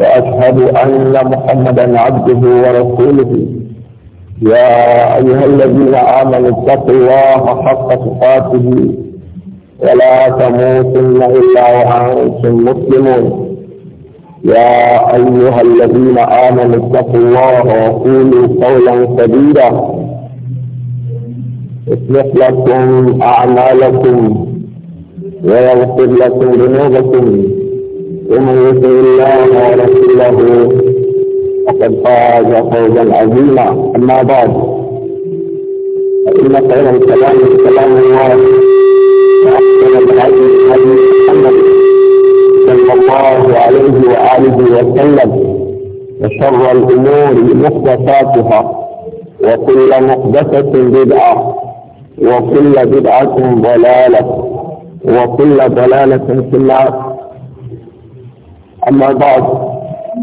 وأشهد أن محمدا عبده ورسوله يا أيها الذين آمنوا اتقوا الله حق تقاته ولا تموتن إلا وأنتم مسلمون يا أيها الذين آمنوا اتقوا الله وقولوا قولا سديدا يصلح لكم أعمالكم ويغفر لكم ذنوبكم ومن يطع الله ورسوله فقد فاز فوزا عظيما اما بعد فان خير الكلام كلام الله واحسن الهدي هدي محمد صلى الله عليه واله وسلم وشر الامور محدثاتها وكل محدثه بدعه وكل بدعه ضلاله وكل ضلاله في النار أما بعد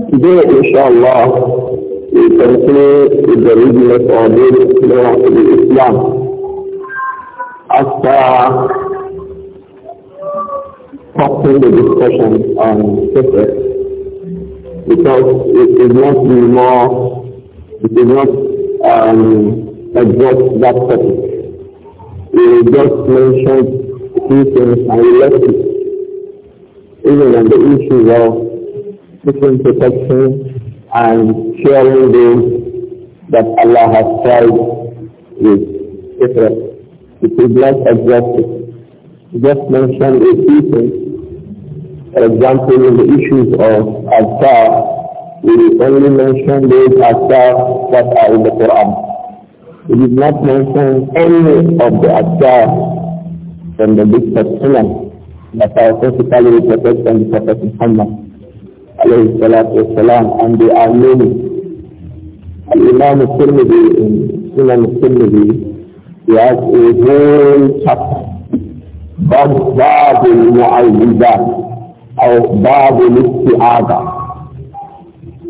today inshallah we continue with the reading of our daily law in Islam after stopping the discussion on Prophet because it is not more it is not um, exhaust that topic we just mentioned a few things and we left it even on the issue of seeking protection and sharing those that Allah has tried with Israel. It is not exhaustive. Just mentioned a few things. For example, in the issues of Azkar, we only mention those Azkar that are in the Quran. We did not mention any of the Azkar from the book of Sunnah that are specifically reported from the Prophet Muhammad alayhi salatu wasalam, and they are many. Imam al-Tirmidhi in Sunan al-Tirmidhi, he has a whole chapter on Bab al-Mu'awwidat, or Bab al-Isti'adah,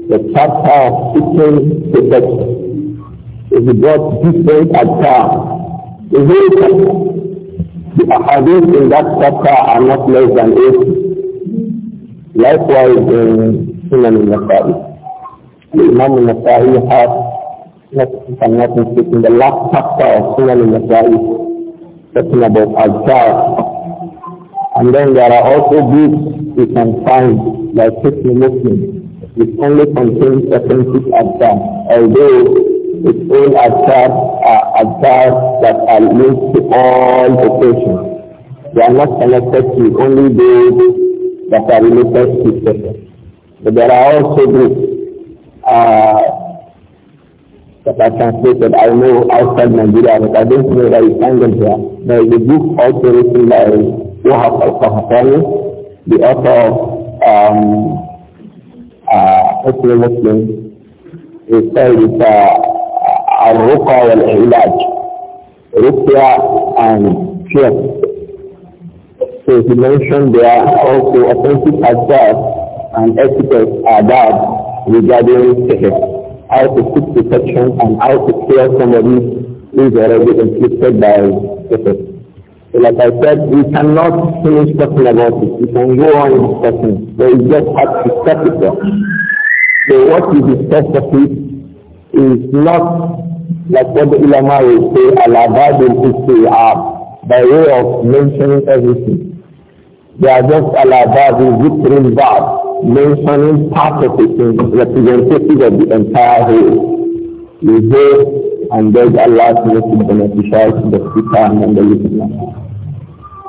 the chapter of seeking protection. It brought different attacks. The whole chapter. The ahadith in that chapter are not less than eight. Likewise in Sunan al-Nasa'i. Imam al-Nasa'i has, not, if I'm not mistaken, the last chapter of Sunan al-Nasa'i talking about Azkar. And then there are also books you can find like Christian Muslims which only contains authentic Azkar, although its own Azkar are uh, Azkar that are linked to all occasions. They are not connected to only those that are related to Satan. But there are also groups uh, that are translated, I know, outside Nigeria, but I don't know that it's angled here. There is a book also written by Wahab al-Qahtani, the author of um, uh, Muslim Muslim. It's called it, uh, Al-Ruqa wal-Ilaj, Ruqya and Cure. So he mentioned there are also as advice and are adab regarding sihr, how to seek protection and how to cure somebody who is already inflicted by sihr. So like I said, we cannot finish talking about it. We can go on discussing, but we just have to stop it there. So what we discussed of it is not like what the ulama will say, al-abad al-isti'ab, by way of mentioning everything. They are just alababi zikrin God, mentioning part of it in representative of the entire whole. We go and beg Allah to make it beneficial to the speaker and the listener.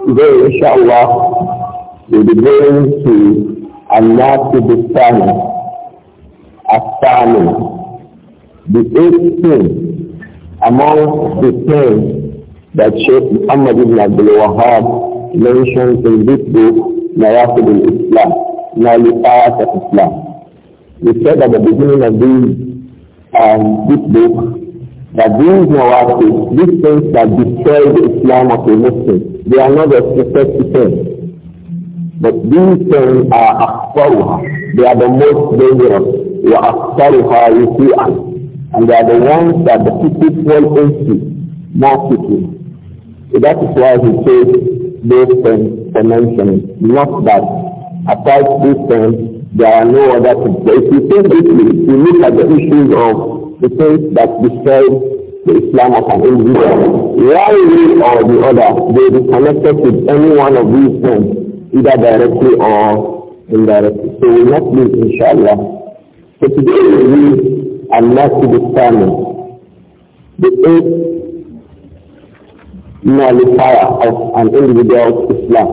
Today, inshallah, we'll be going to Allah to the Sani, Asani, the eighth thing among the things that Shaykh Muhammad ibn Abdul Wahab mentioned in this book, Nawakib al-Islam, Nullifiers of Islam. We said at the beginning of this, um, this book that these Nawakib, these things that destroy the Islam of a Muslim, they are not expected to change. But these things are akfaruha. They are the most dangerous. Wa akfaruha yuki'an. And they are the ones that the people fall into, more quickly. So that is why he says, those terms for mentioned. Not that apart these things, there are no other things. if you think deeply, if you look at the issues of the things that destroy the Islam of an individual, one way or the other, they be connected with any one of these terms, either directly or indirectly. So we not be, inshallah. So today we are not to the sermon. The eighth nullifier of an individual's Islam.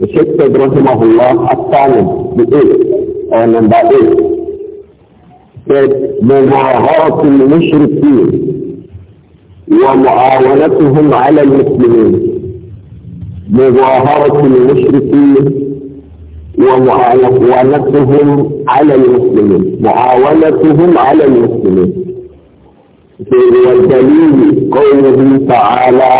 The Sheikh said, Rahimahullah, Astanib, the eighth, or number eight, said, مظاهرة المشركين ومعاونتهم على المسلمين مظاهرة المشركين ومعاونتهم على المسلمين معاونتهم على المسلمين الدليل قوله تعالى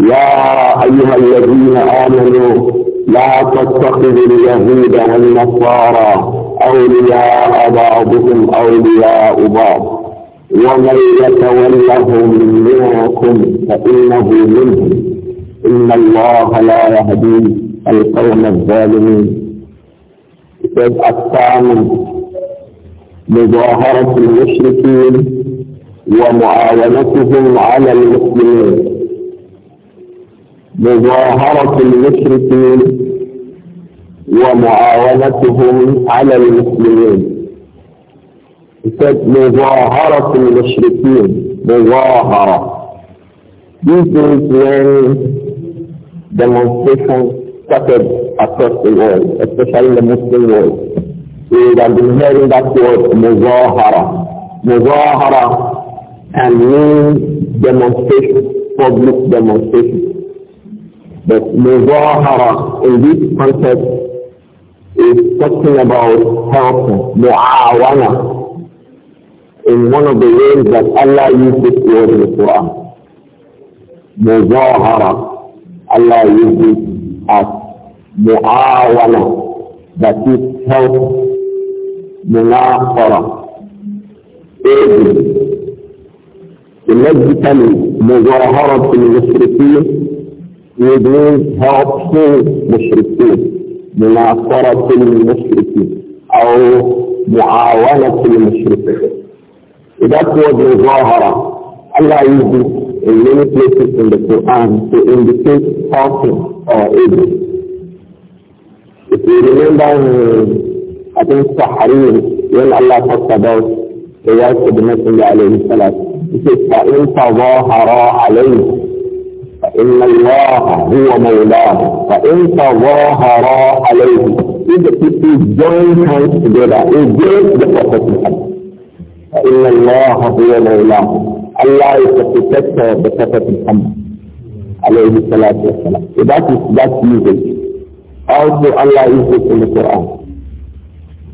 يا أيها الذين آمنوا لا تتخذوا اليهود والنصارى أولياء بعضكم أولياء بعض ومن يتولهم منكم فإنه منهم إن الله لا يهدي القوم الظالمين الثامن مظاهرة المشركين ومعاونتهم على المسلمين مظاهرة المشركين ومعاونتهم على المسلمين مظاهرة المشركين مظاهرة This is when demonstrations started across the world, especially in the Muslim world. We have been hearing that word, مظاهرة. مظاهرة and mean demonstration, public demonstration. But Muzahara in this context is talking about help, mu'awana, in one of the ways that Allah uses the word in the Quran. Muzahara, Allah uses as mu'awana, that is help, munafara, aiding, لجنة مظاهرة المشركين يدين هابس مشركين مناصرة المشركين أو معاونة المشركين That was مظاهرة Allah uses in many places in the Quran to indicate something or evil. If you remember, I think Saharin, when Allah talked about the wife of the Messenger alayhi salatu فإن تظاهرا عليه فإن الله هو مولاه فإن تظاهرا عليه إذا كنت جنحاً كبيرة إذن بفقط محمد فإن الله هو مولاه الله يتكتك بفقط محمد عليه الصلاة والسلام إذا كنت ذات يزل الله يزل في القرآن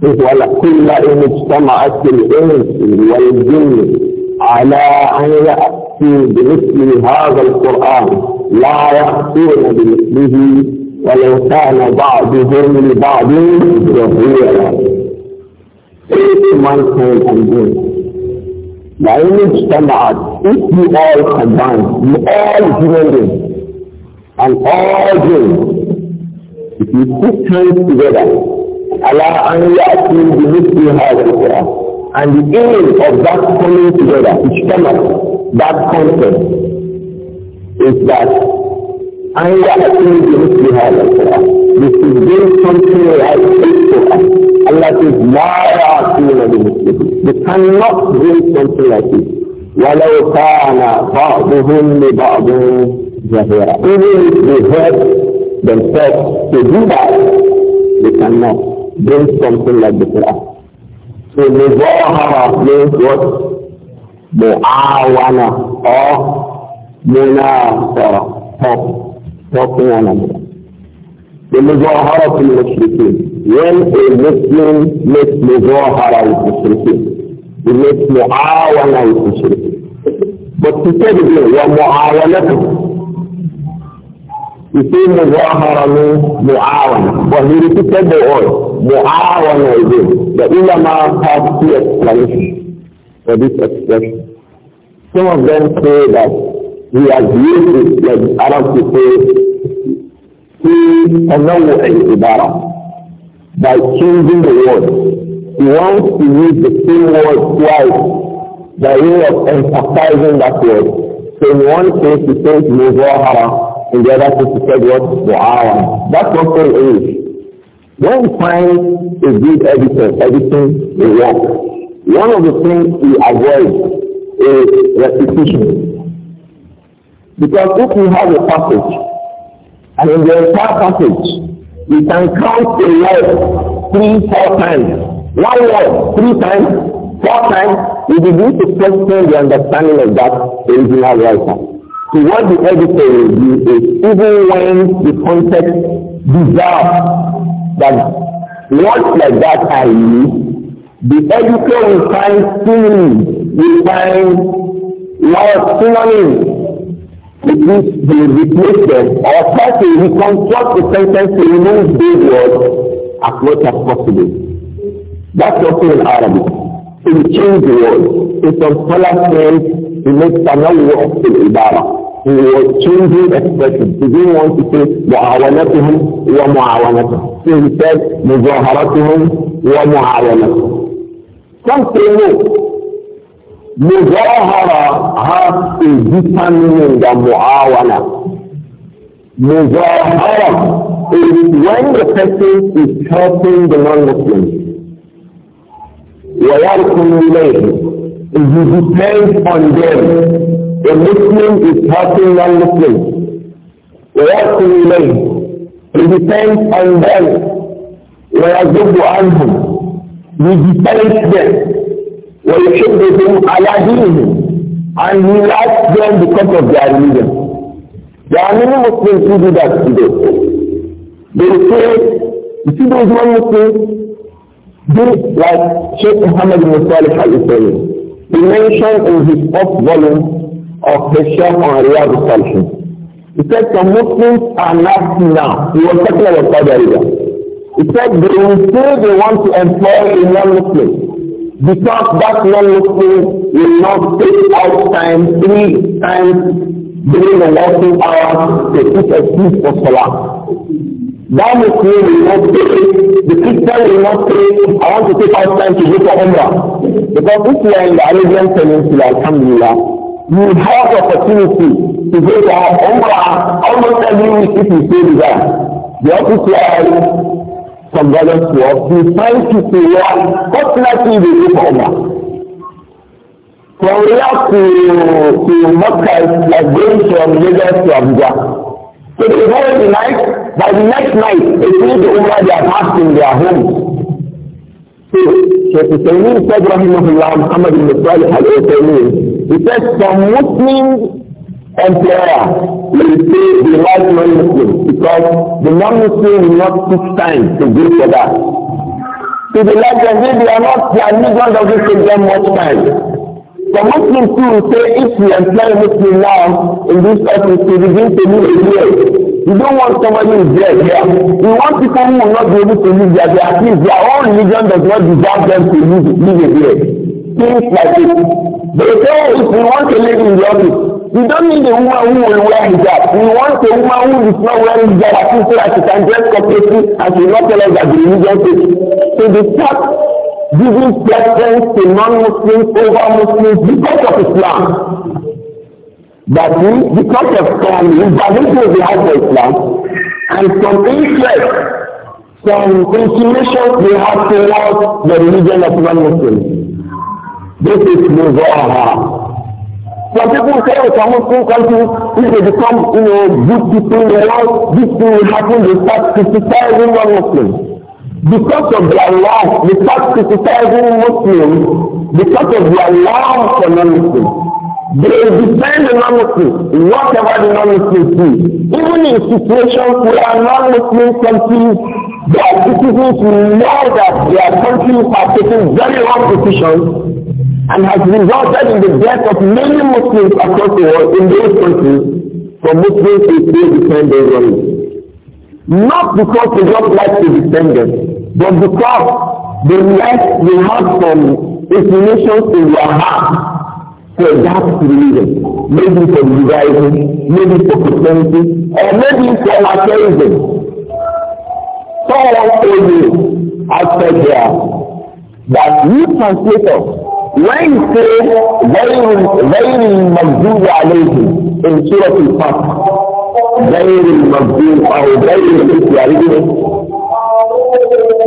إذ ولكل إن اجتمعت الإنس والجن على أن يأتي بمثل هذا القرآن لا يأتون بمثله ولو كان بعضهم لبعض ظهيرا one thing and good. لأن اجتمعت if you all combine you all join beings and all beings if you put hands together على أن يأتي بمثل هذا القرآن and the aim of that coming together, Ishtama, that concept, is that anger attuned to Muslihat al-Quran. This is very something right for us. Allah says, La ya'atuna bi Muslim. They cannot bring something like this. وَلَوْ كَانَ بَعْضُهُمْ لِبَعْضٍ جَهِرًا Even if they hurt themselves to do that, they cannot bring something like the Quran. So Muzaharah means what? Mu'awana or Munasara. Help. Helping one another. The Muzahara to Mushrikeen. When a Muslim makes Muzahara with Mushrikeen, he makes Mu'awana with Mushrikeen. But he said again, وَمُعَاوَنَةُ He said Muzahara means Mu'awana. But he repeated the word mu'awana again. The ulama have two explanations for this expression. Some of them say that he has used it like Arab to say he تنوع العبارة by changing the word. He wants to use the same word twice by way of emphasizing that word. So in one case he says مظاهرة, in the other case he said what? معاونة. That's what so is. When find a good editor editing a work, one of the things we avoid is repetition. Because if you have a passage, and in the entire passage, you can count a word three, four times, one word three times, four times, you begin to question the understanding of that original writer. So what the editor will do is even when the context deserves that words like that I used, the editor will find synonyms, will find word synonyms with which they replace them or try to reconstruct the sentence to remove those words as much as possible. That's also in Arabic. So we change the word. So some scholars say it makes another word in Ibarah he was changing expression. He didn't want to say معاونتهم ومعاونتهم. So he said مظاهرتهم ومعاونتهم. Some say no. Muzahara has a deeper meaning than muawana. Muzahara is when the person is helping the non-Muslims. ويركن إليه. He depends on them. A Muslim is helping non-Muslims. ويأكل إليه. We depend on them. ويجب عنهم. He depends them. We ويحبهم على دينهم. And we likes them because of their religion. There are many Muslims who do that today. They say, you see those non-Muslims? Do like Sheikh Muhammad bin Salih al-Israeli. He mentioned in his first volume of pressure on real consumption. He said some Muslims are not now. He was talking about Saudi Arabia. He said they will say they want to employ a non-Muslim because that non-Muslim will not take out time three times during the working hours to put a seat for Salah. That Muslim will not take it. The Christian will not say, I want to take out time to go for Umrah. Because if you are in the Arabian Peninsula, Alhamdulillah, you have the opportunity to go to our Umrah almost every week if you stay with us. The office here from Gardens to us, we find people who are fortunately they go for Umrah. From here to, to Mecca like going from Lagos to Abuja. So they go in the night, by the next night they finish the Umrah they have had in their homes. So, Shaykh Hussain said, Rahimahullah, Muhammad ibn Salih al-Husaynin, He says some Muslim employer will pay the right non-Muslim because the non-Muslim will not took time to do for that. To the like of they are not, their migrant doesn't take them much time. The Muslim too say if we employ a Muslim now in this office to begin to live a year. You don't want somebody who is dead here. We want people who will not be able to live there. At least their own religion does not deserve them to live, live a year things like this. They say oh, if we want to live in the we don't need a woman who will wear hijab. We want a woman who is not wearing hijab at least so that she can dress corporately and she not tell us that the religion is. So they start giving preference to non-Muslims over Muslims because of Islam. But we, because of some invasion we have for Islam and some interest, some inclinations we have towards the religion of non-Muslims. This is Muzaha. Some people say, oh, someone school country, if they become, you know, good people in the world, this thing will happen, they start criticizing one Muslim. Because of their love, they start criticizing Muslims because of their love for non-Muslims. They defend the non-Muslims, whatever the non-Muslims do. Even in situations where non-Muslim countries, their citizens know that their countries are taking very wrong decisions, and has resulted in the death of many Muslims across the world in those countries for Muslims to still defend their religion. Not because they don't like to defend them, but because they like they have some inclinations in their heart for that reason, maybe for Judaism, maybe for Christianity, or maybe for atheism. Someone told me outside there that you translators when you say غير المغضوب عليهم in سورة الفتح غير المغضوب أو غير الكفارين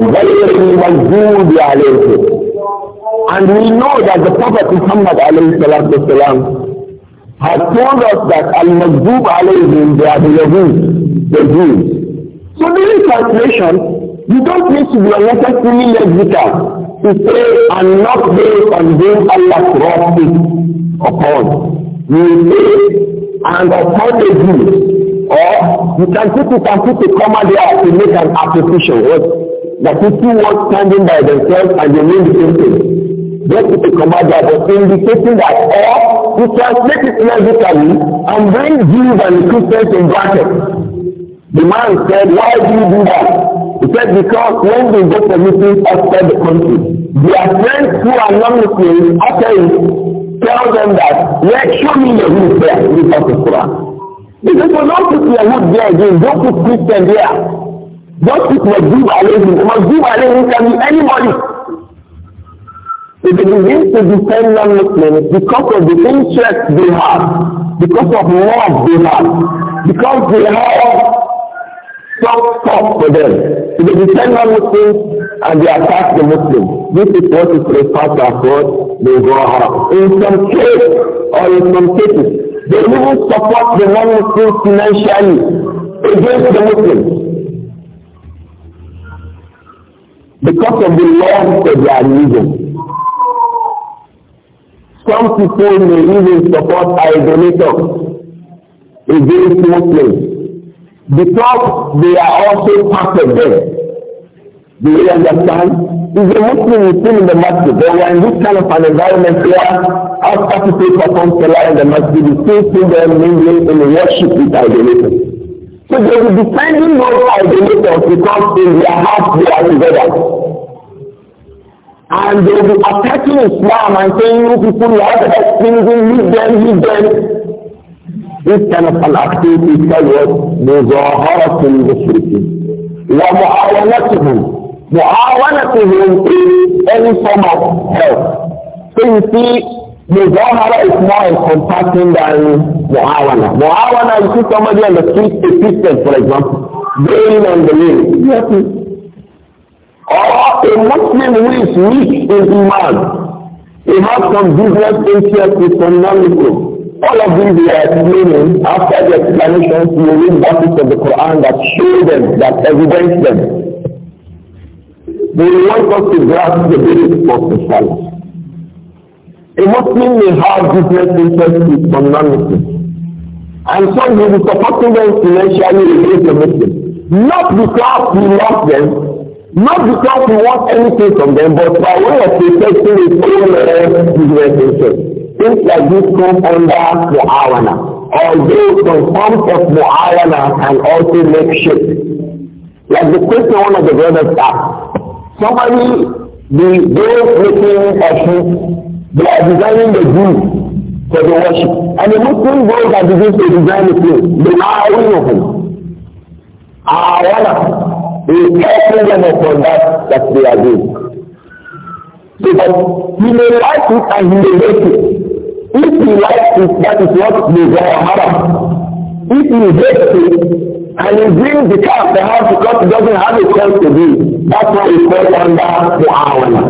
غير المغضوب عليهم and we know that the Prophet Muhammad alayhi الصلاة has told us that al-maghdub alayhim they are the Yahud, the Jews. So during translation, you don't need to be a unnecessarily lexical to pray and not based on being Allah's wrath upon. You will pray and upon the Jews. Or you can put you can put the comma there to make an application. What that people were standing by themselves and they mean the same thing. Just put the comma there, but indicating that or you translate it logically and bring Jews and Christians in brackets. The man said, why do you do that? said because when they go for meetings outside the country, their friends who are not muslims after it tell them that, yeah, show me your root there without the Quran. They say, well, don't put your root there again, don't put Christian there. Don't put Majib Alehi. Majib Alehi can be anybody. If they begin to defend non-Muslims because of the interest they have, because of love they have, because they have stop talk for them. So they defend non-Muslims and they attack the Muslims. This is what is referred of God. they go out. In some cases, or in some cases, they even support the non-Muslims financially against the Muslims. Because of the laws that they are using. Some people may even support idolaters against Muslims because they are also part of them. Do you understand? If a Muslim is still in the masjid, they we are in this kind of an environment where after people perform salah in the masjid, you still see them mingling in worship with idolaters. So they will be finding those idolaters because in their heart they are together. And they will be attacking Islam and saying, you people, you have extremism, leave them, leave them. This kind of an activity is called مظاهرة المشركين ومعاونتهم معاونتهم in any form of So you see, مظاهرة is more encompassing than معاونة. معاونة, you see somebody on the street, a Christian for example, bailing on the Yes. Or a Muslim who is weak in Iman, he has some business interest with some non-Muslims. All of these we are explaining after the explanations we read verses of the Quran that show them, that evidence them. We want us to grasp the basics of the Salah. A Muslim may have different interests with some non-Muslims. And some will be supporting them financially against the Muslims. Not because we love them, Not because we want anything from them, but by way of protecting his own business interest. Things like this come under Mu'awana. Although some forms of Mu'awana can also make shift. Like the question one of the brothers asked, somebody, the, those making a shift, they are designing the group for the worship. And the Muslim goes that begins to design the place. The Ma'awin of him. Awana. They will help them that that they are doing. Because he may like it and he may hate it. If he likes it, that is what desire haram. If he hates it and he brings the car of the house because he doesn't have a chance to do, that's why he falls under mu'awana.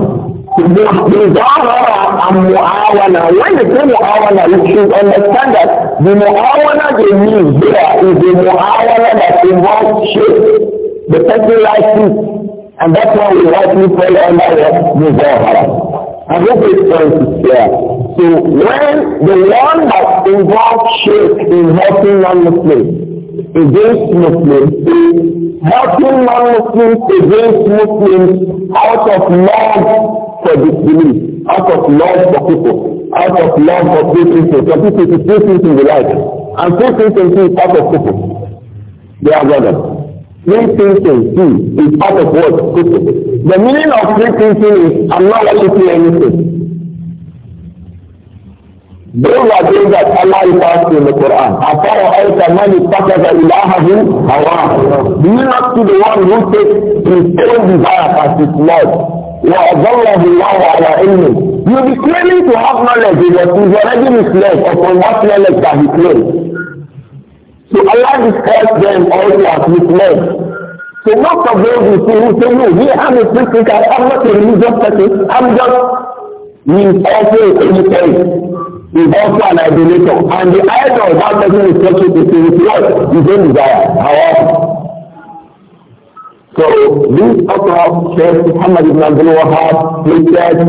Muzahara and mu'awana. When they say mu'awana, you should understand that the mu'awana they mean there is the mu'awana that involves shape the person likes it. And that's why we like rightly fall under what? Muzahara. And this is point here. So when the one that involves shirk in helping non-Muslims against Muslims is helping non-Muslims against Muslims out of love for disbelief, out of love for people, out of love for free people, for people to free things in the life. And free things in part of people. They are brothers free thinking too hmm, is part of what the meaning of free thinking is i'm not worshiping anything those are things that allah refers to in the quran afara aita man the ilahahu hawa do you not see the one who takes his own desire as his lord وأضله الله على علمه You be claiming to have knowledge, but he's already misled upon what knowledge that he claims. To So Allah refers them also as Muslims. So most of those who say, who say, no, me, I'm a Christian, I'm not a religious person, I'm just, he is also a Christian. He is also an idolator. And the idol that person is worship is his Lord, his own desire. However, so this also Sheikh Muhammad ibn Abdul Wahab, he said,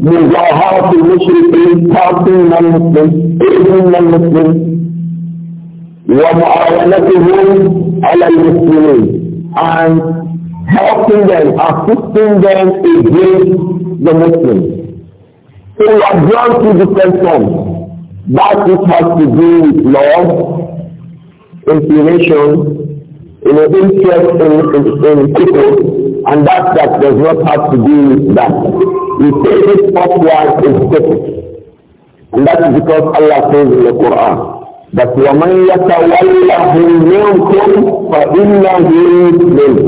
مزاحات المشركين تعطينا المسلم ابن المسلم ومعاونتهم على المسلمين and helping them, assisting them against the Muslims. So we are drawn to different forms. That it has to do with love, inclination, you know, interest in, in, in people, and that that does not have to do with that. We say this first one is focus. And that is because Allah says in the Quran, But وَمَنْ يَتَوَلَّهُمْ مِنْكُمْ فَإِنَّهُ مِنْهُمْ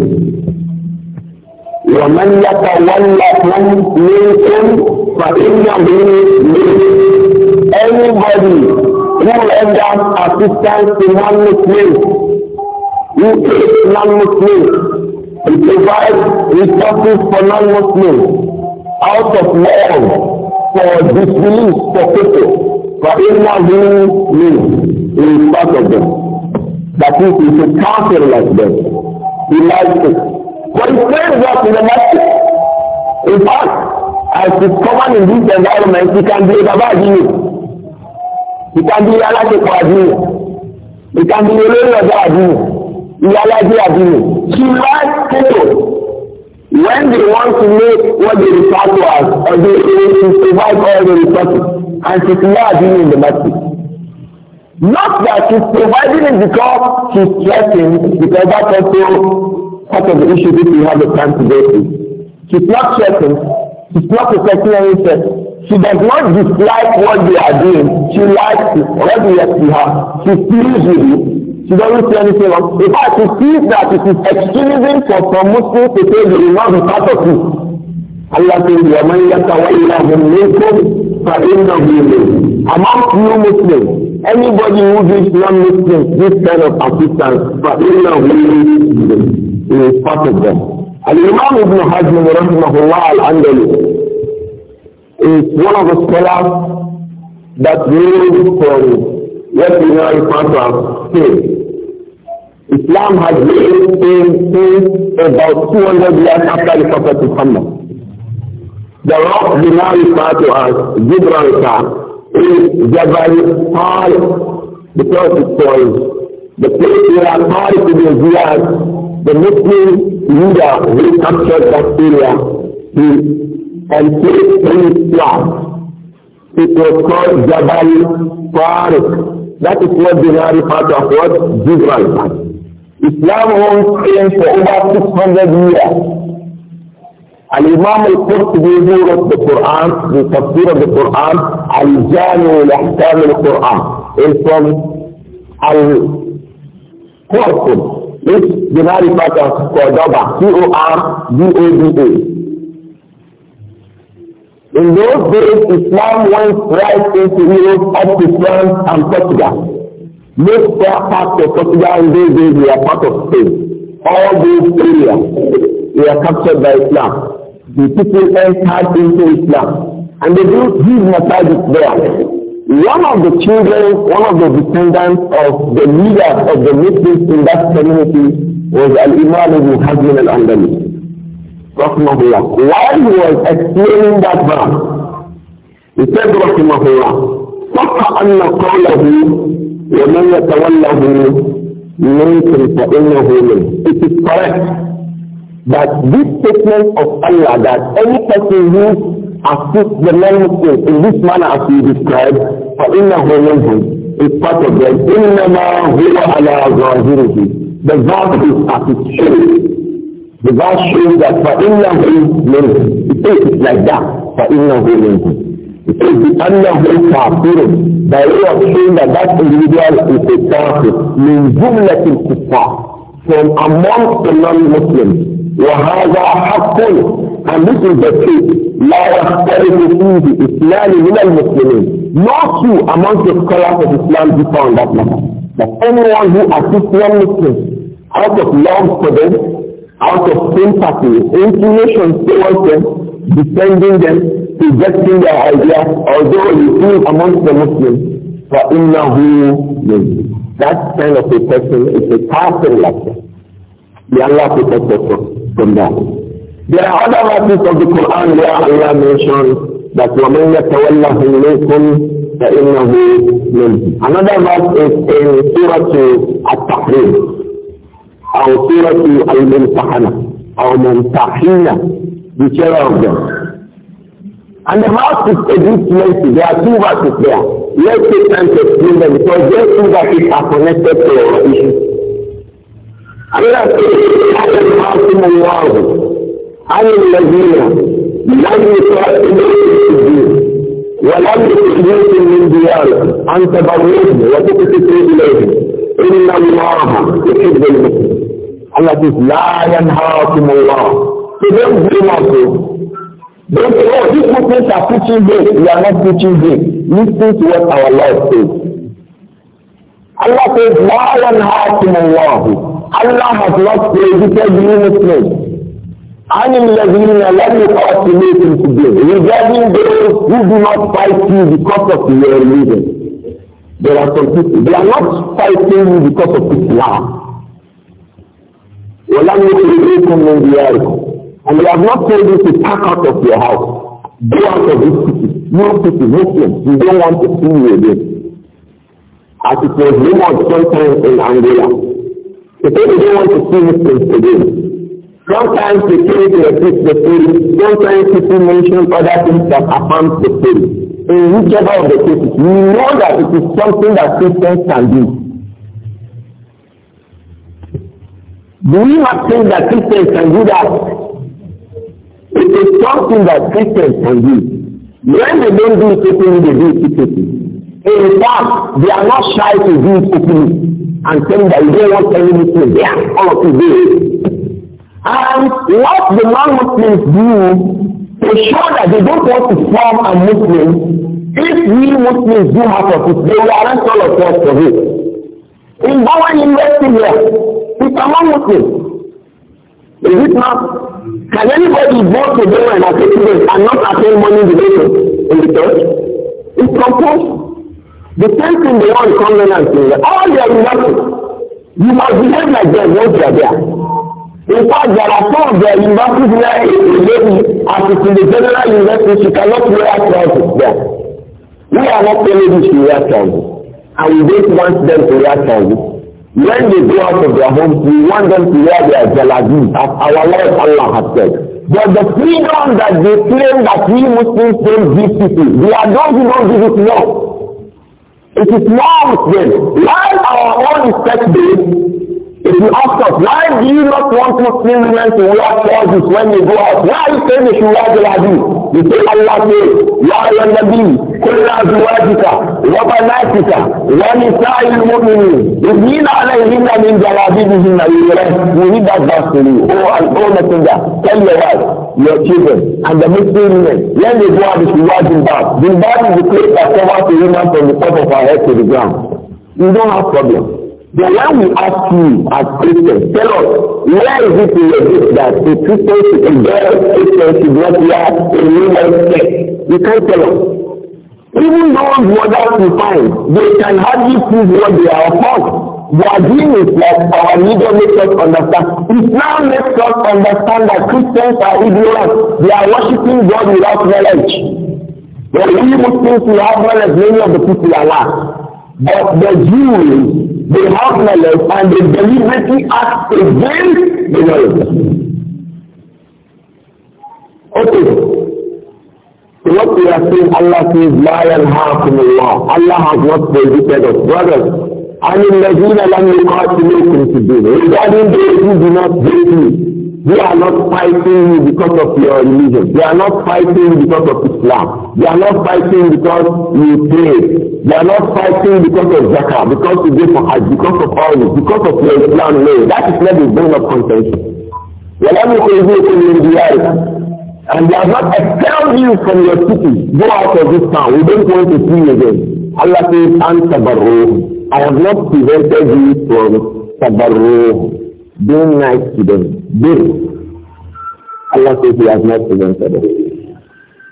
وَمَنْ يَتَوَلَّهُمْ مِنْكُمْ فَإِنَّهُ مِنْهُمْ Anybody who renders assistance to non-Muslims, who takes non-Muslims, who provides resources for non-Muslims out of love, for disbelief, for people, فإنه من in part of them. That is, he's a counselor like them. He likes it. But he says that in the next In fact, as is common in this environment, he can be a Babajini. He can be Yalake Kwajini. He can be Yalake Kwajini. Yalake Kwajini. He likes people. When they want to make what they refer to as, or they, they provide all the resources and Fitnah in the masjid. Not that she's providing it because she's threatened, because that's also part of the issue that we have the time to go through. She's not threatened, she's not protecting her She does not dislike what you are doing. She likes it. Whatever you have, she pleased with you. She doesn't say anything wrong. In fact, she sees that it is extremism for some Muslims to say they will not be part of it. Allah says, وَمَنْ يَتَوَلَّهُمْ مِنْكُمْ Among new Muslims, anybody who gives non-Muslims this kind of assistance, is part of them. Al-Imam Ibn Hazm rahimahullah al-Andalusi is one of the scholars that rose from what we now refer to as Spain. Islam has been in Spain since about 200 years after the Prophet Muhammad. The rock we now refer to as Gibraltar is Jabal Hal because it was the place where Hal ibn Ziyad, the Muslim leader who captured that area, he and placed three flags. It was called Jabal Farik. That is what they now refer to as what Gibraltar. Islam holds claim for over 600 years. الإمام القرطبي يقول في القرآن في تفسير القرآن الجامع لأحكام القرآن اسم القرطب which the very part of Cordoba, C-O-R-D-O-B-A. In those days, Islam went right into Europe up to France and Portugal. Most parts of Portugal in those days were part of Spain. All those areas were captured by Islam the people entered into Islam. And they built these massages there. One of the children, one of the descendants of the leader of the Muslims in that community was Al-Imam Ibn Hazm al-Andalus. While he was explaining that verse, he said, Rahimahullah, صح أن قوله ومن يتوله منكم فإنه منه. It is correct that this statement of Allah that any person who assists the non-Muslim in this manner as we described, inna مِنْهُمْ is part of inna إِنَّمَا هُوَ عَلَىٰ ظَاهِرِهِ The God is as it shows. The God shows that فَإِنَّهُ مِنْهُمْ It says it like that. فَإِنَّهُ مِنْهُمْ It says بِأَنَّهُ كَافِرٌ By way of saying that that individual is a kafir. مِنْ From amongst the non-Muslims. وهذا حق and this is the truth لا يختلف فيه إسلام من المسلمين not two among the scholars of Islam differ on that matter but anyone who assists non Muslim out of love for them out of sympathy inclination towards them defending them rejecting their ideas although he is amongst the Muslims فإنه يجب that kind of a person is a person like that May Allah protect us from that. There are other verses of the Quran where Allah mentioned that وَمَنْ يَتَوَلَّهُ مِنْكُمْ فَإِنَّهُ مِنْهُ Another verse is in Surah At-Tahrim or Surah Al-Mumtahana or Mumtahina, whichever of them. And the verse is a bit lengthy. There are two verses there. Let's take time to explain them because those two verses are connected to our issue. Allah ce Allah ya hafi mu wahu alin lazina lam yusafiru ولم يخرجوا من ديارهم أن تبروهم وتقسطوا إليهم إن الله يحب المسلمين Allah says, La yanhaakum Allah. So don't blame us. Don't Allah has not prohibited you Muslims. عن الذين لم يقاتلوكم في الدين regarding those who do not fight you because of your religion there are some people they are not fighting you because of Islam ولم يخرجوكم من دياركم and they have not told you to pack out of your house go out of this city no city Muslims we don't want to see you again as it was rumoured sometime in Angola Because they don't want to see thing again. Sometimes they try to repeat the story. Sometimes people mention other things that affirm the story. In whichever of the cases, we know that it is something that Christians can do. Do we not think that Christians can do that? It is something that Christians can do. When they don't do it, they do it In fact, they are not shy to do it openly and saying that they don't want any Muslim. They are all of And what the non-Muslims do to show that they don't want to form a Muslim, if we Muslims do half of it, they will arrest all of us for it. In Bowen University here, it's a non-Muslim. Is it not? Can anybody go to Bowen say to them and not attend money donation in the church? It's proposed. The same thing they want coming covenant in all your investors, You must behave like them once they are there. In fact, there are some of their investors where it is maybe as it's in the general investors, you cannot wear trousers there. We are not telling you to wear trousers. And we don't want them to wear trousers. When they go out of their homes, we want them to wear their jalabis as our Lord Allah has said. But the freedom that they claim that we Muslims don't give people, we are those who don't give it now. It is not with them. While our own is text If you ask us, why do you not want Muslim women to wear clothes when they go out? Why you saying they should wear the jalabi? You say Allah says, Ya ayyuhan nabi, kullu azwajika wa banatika wa nisa'il mu'minin yudnina 'alayhinna min jalabibihinna you read, you know, you need that verse to me. Oh, and oh messenger, tell your wife, your children, and the Muslim women, when they go out, they should wear jilbab. Jilbab is the place that covers the woman from the top of her head to the ground. You don't have problem. The one we ask you as Christians, tell us, why is it in your book that the Christians should enjoy Christians should not wear a woman's sex? You can't tell us. Even those mothers we find, they can hardly prove what they are upon. Their dream is like our leader makes us understand. now makes us understand that Christians are ignorant. They are worshipping God without knowledge. But we Muslims, we have knowledge, many of the people are not. But the Jews, they have knowledge and they deliberately act against the knowledge. Okay. what we are saying, Allah says, La yanhaakum Allah. Allah has not prohibited us. Brothers, I mean, الذين لم يقاتلوكم في الدين regarding those who do not believe They are not fighting because of your religion. They are not fighting because of Islam. They are not fighting because you pray. They are not fighting because of zakah, because you give for hajj, because of all this, because of your Islam way. That is not the bone of contention. And they have not expelled you from your city. Go out of this town. We don't want to see you again. Allah says, Antabarruh. I have not prevented you from tabarruh. Being nice to them. Being. Allah says he has not prevented us.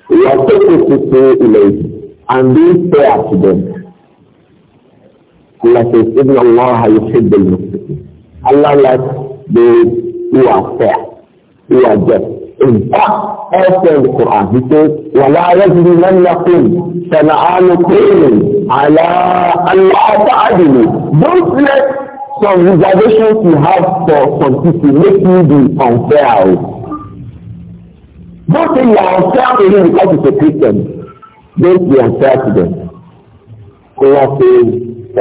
We are supposed to stay elate and be fair to them. Allah says, Ibn Allah yuhib al Allah likes those who are fair, who are just. In fact, also in the Quran, he says, وَلَا يَجْرِمَنَّكُمْ شَنَعَانُ قَوْمٍ ala أَلَّا تَعْدِلُوا Don't let some reservations you have for some people make you be unfair o. Oh. Don't say you are unfair to him because he's a Christian. Don't be unfair to them. Kò wá pé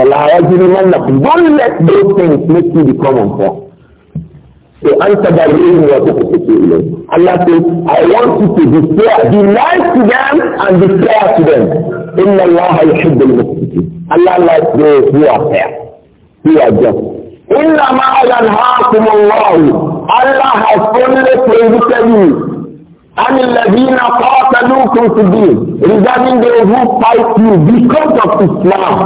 ọ̀la ọjọ́ ní wọ́n nàkú. Don't let those things make you become unfair. So answer that really well to the people. Allah says, I want you to be fair. Be nice to them and be fair to them. Inna Allah yuhibbul muqsitin. Allah likes those who are fair sí àjọ. Ìlà máa yà ní àkùnmọ̀ lọ́wọ́, aláhà fún lè pẹ̀lú pẹ̀lú. Amìlẹ̀bínà kọ́ọ̀tẹ̀lú kò sì bí regarding the who fight you because of Islam.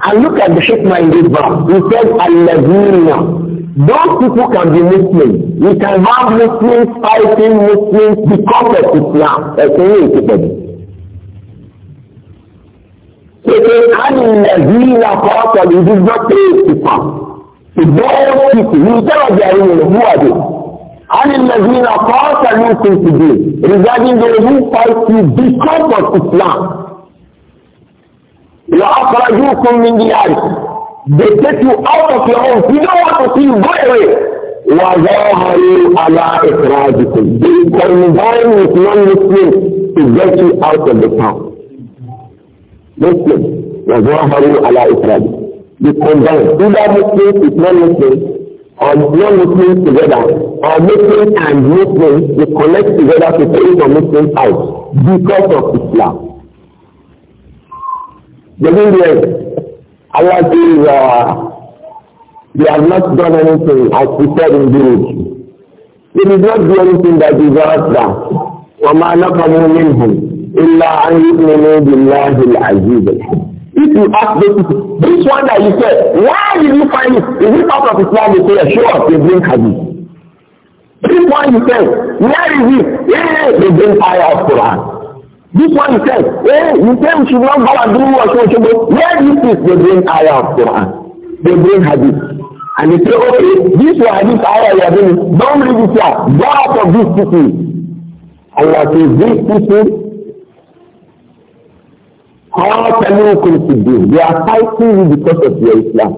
And look at the hikmah in this verse. He says, Alẹ́bínà. Those people can be Muslims. We can have Muslims fighting Muslims because of Islam. Ẹ̀sìn yìí ti pẹ̀lú pé ànàbí wà kọ́ọ̀tọ̀ ní gbígbọ́ pé ìpà ìgbọ́wọ́ ìpì ní ìtẹ́wọ̀dì àríwọ̀ ìlú àdè ànàbí wà kọ́ọ̀tọ̀ ní ìpìtìdè regarding the who fight you because of Islam. Your akọ̀rọ̀dúnkún ní ní àrí. They take you out of your home. You don't want to see you go away. وظاهروا على إخراجكم. They conjoin with non-Muslims to get you out of the town. Muslim وظاهروا على إسرائيل. They combined either Muslim with non-Muslim or non-Muslim together or Muslim and Muslim they connect together to take the Muslim out because of Islam. The Indians, Allah says, uh, they have not done anything as we said in the religion. They did not do anything that deserves that. وَمَا نَقَمُوا مِنْهُمْ إلا أن يؤمنوا بالله العزيز if you ask those people, this one that you said, why did you find it? Is it out of Islam? They say, show us, they bring hadith. This one you said, where is it? Yeah, they bring fire of Quran. This one you said, hey, eh, you say we should not go and do what we should Where is it? They bring fire of Quran. They bring hadith. And they say, okay, this one, hadith ayah you are doing, don't read it here. Go out of these people. Allah says, this city. قاتلوكم في الدين they are fighting you because of your Islam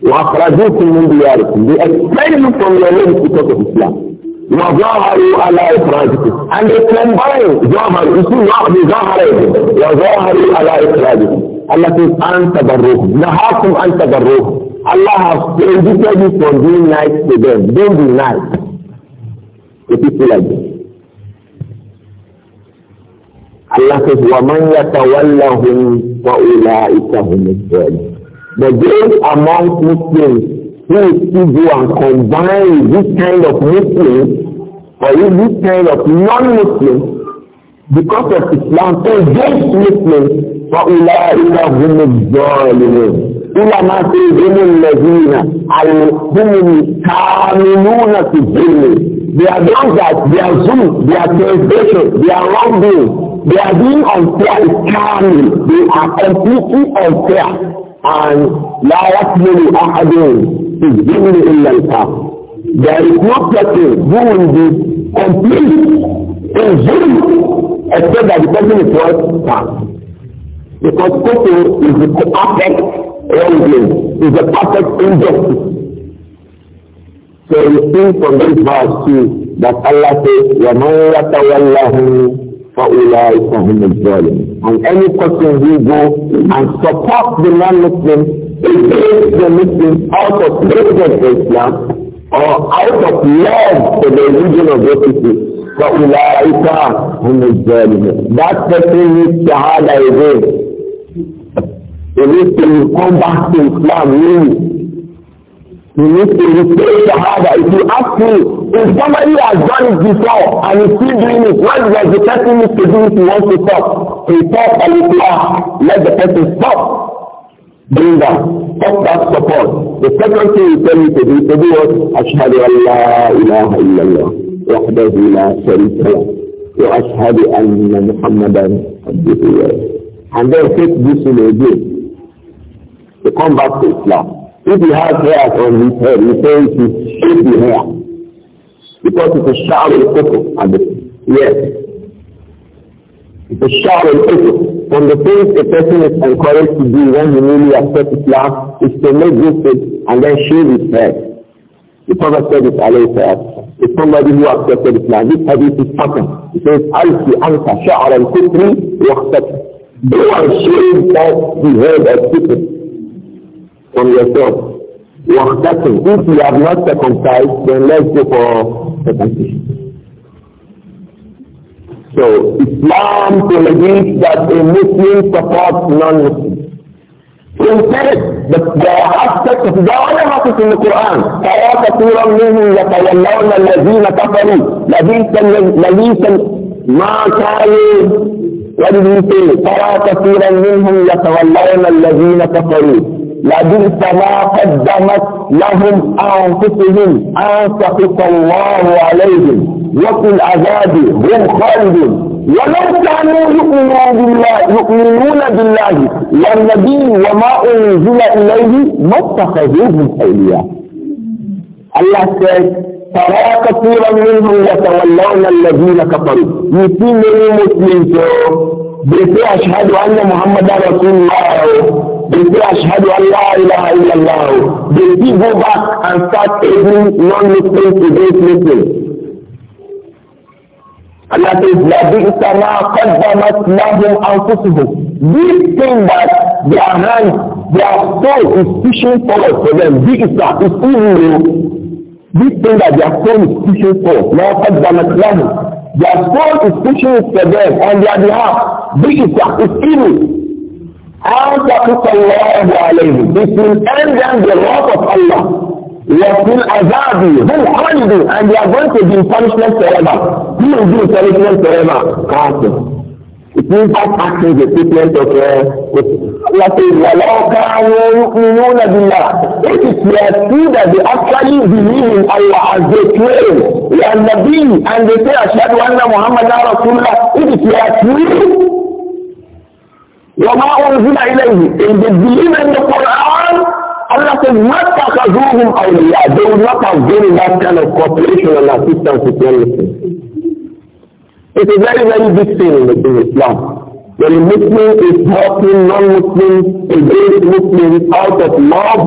You are وأخرجوكم the دياركم they expel you from your land because of Islam وظاهروا على إخراجكم and they combine ظاهر you see not the ظاهرين وظاهروا على إخراجكم Allah says أن تبروه نهاكم أن تبروه Allah has prohibited you from being nice to them don't be nice to people like this Allah says, وَمَنْ يَتَوَلَّهُمْ فَأُولَٰئِكَ هُمُ الظَّالِمُونَ But those among Muslims who still go and combine this kind of Muslim or this kind of non muslim because of Islam against Muslims, فَأُولَٰئِكَ هُمُ الظَّالِمُونَ ulama say humu lazina al humu kamiluna fi dhilmi their downsides, their zoom, their translation, their wrongdoing, they are being unfair is calmly. They are completely unfair. And la are doing is giving illa al There is no person who will be complete in zoom except that the person is not calm. Because Koto is the perfect wrongdoing, is the perfect injustice. So you think from this verse too that Allah says, وَمَنْ يَتَوَلَّهُمْ فَأُولَٰئِكَ هُمُ الظَّالِمُونَ And any person who go and support the non-Muslim, against the Muslim out of hatred for Islam, or out of love for the religion of those people, فَأُولَٰئِكَ هُمُ الظَّالِمُونَ That person needs shahada again. It needs to come back to Islam, really. You need to repeat Shahada. If you ask me, if somebody has done it before and is still doing it, when does the person need to do it, he wants to stop. He stop and he clap. Let the person stop. Bring that. Stop that support. The second thing you tell me to do, to do what? أشهد أن لا إله إلا الله وحده لا شريك له وأشهد أن محمدا عبده ورسوله. And then take this in again to come back to Islam. If he has hair on his head, he's saying to shave the hair. Because it's a shower of cocoa. Yes. It's a shower of cocoa. From the things a person is encouraged to do when he newly accepts Islam is to make good and then shave his head. The Prophet said this alayhi salatu If somebody who accepted Islam, this hadith is pattern. It says, I Alfi anka sha'ar al-kufri wa Do and shave off the head of kufri. from yourself. Waqtakum. If you have not circumcised, then let's go for circumcision. So Islam believes that a Muslim supports non muslims Instead, the, the تَرَى كَثِيرًا مِّنْهُمْ يَتَوَلَّوْنَ الَّذِينَ كَفَرُوا لبئس ما قدمت لهم انفسهم ان سخط الله عليهم وفي العذاب هم خالدون ولو كانوا يؤمنون بالله يؤمنون بالله والنبي وما انزل اليه ما اتخذوهم اولياء الله سيد ترى كثيرا منهم يتولون الذين كفروا يتيم المسلمين بيتي اشهد ان محمدا رسول الله they say ashadu allah ilaha illallah they still go back and start taking non-muslim to those muslims allah says la bi'sa ma qaddamat lahum anfusuhum this thing that their hands their soul is pushing forward for them bi'sa is evil this thing that their soul is pushing forward ma qaddamat lahum their soul is pushing for them on their behalf bi'sa is evil أن تقص الله عليه between them and the wrath of Allah وفي العذاب هم خالد and they are going to be in punishment forever he will be in punishment forever kafir it means that action is a statement of uh, Allah says وَلَوْ كَانُوا يُؤْمِنُونَ بِاللَّهِ it is their true that they actually believe in Allah as they claim they are Nabi and they say أشهد أن محمد رسول الله it is their وما أنزل إليه in they believe in the Quran Allah says مَتَّخَذُوهُمْ أَوْلِيَاءَ they will not have given that kind of cooperation and assistance with anything it's a very very big thing in, in Islam when a Muslim is helping non muslim a great Muslim out of love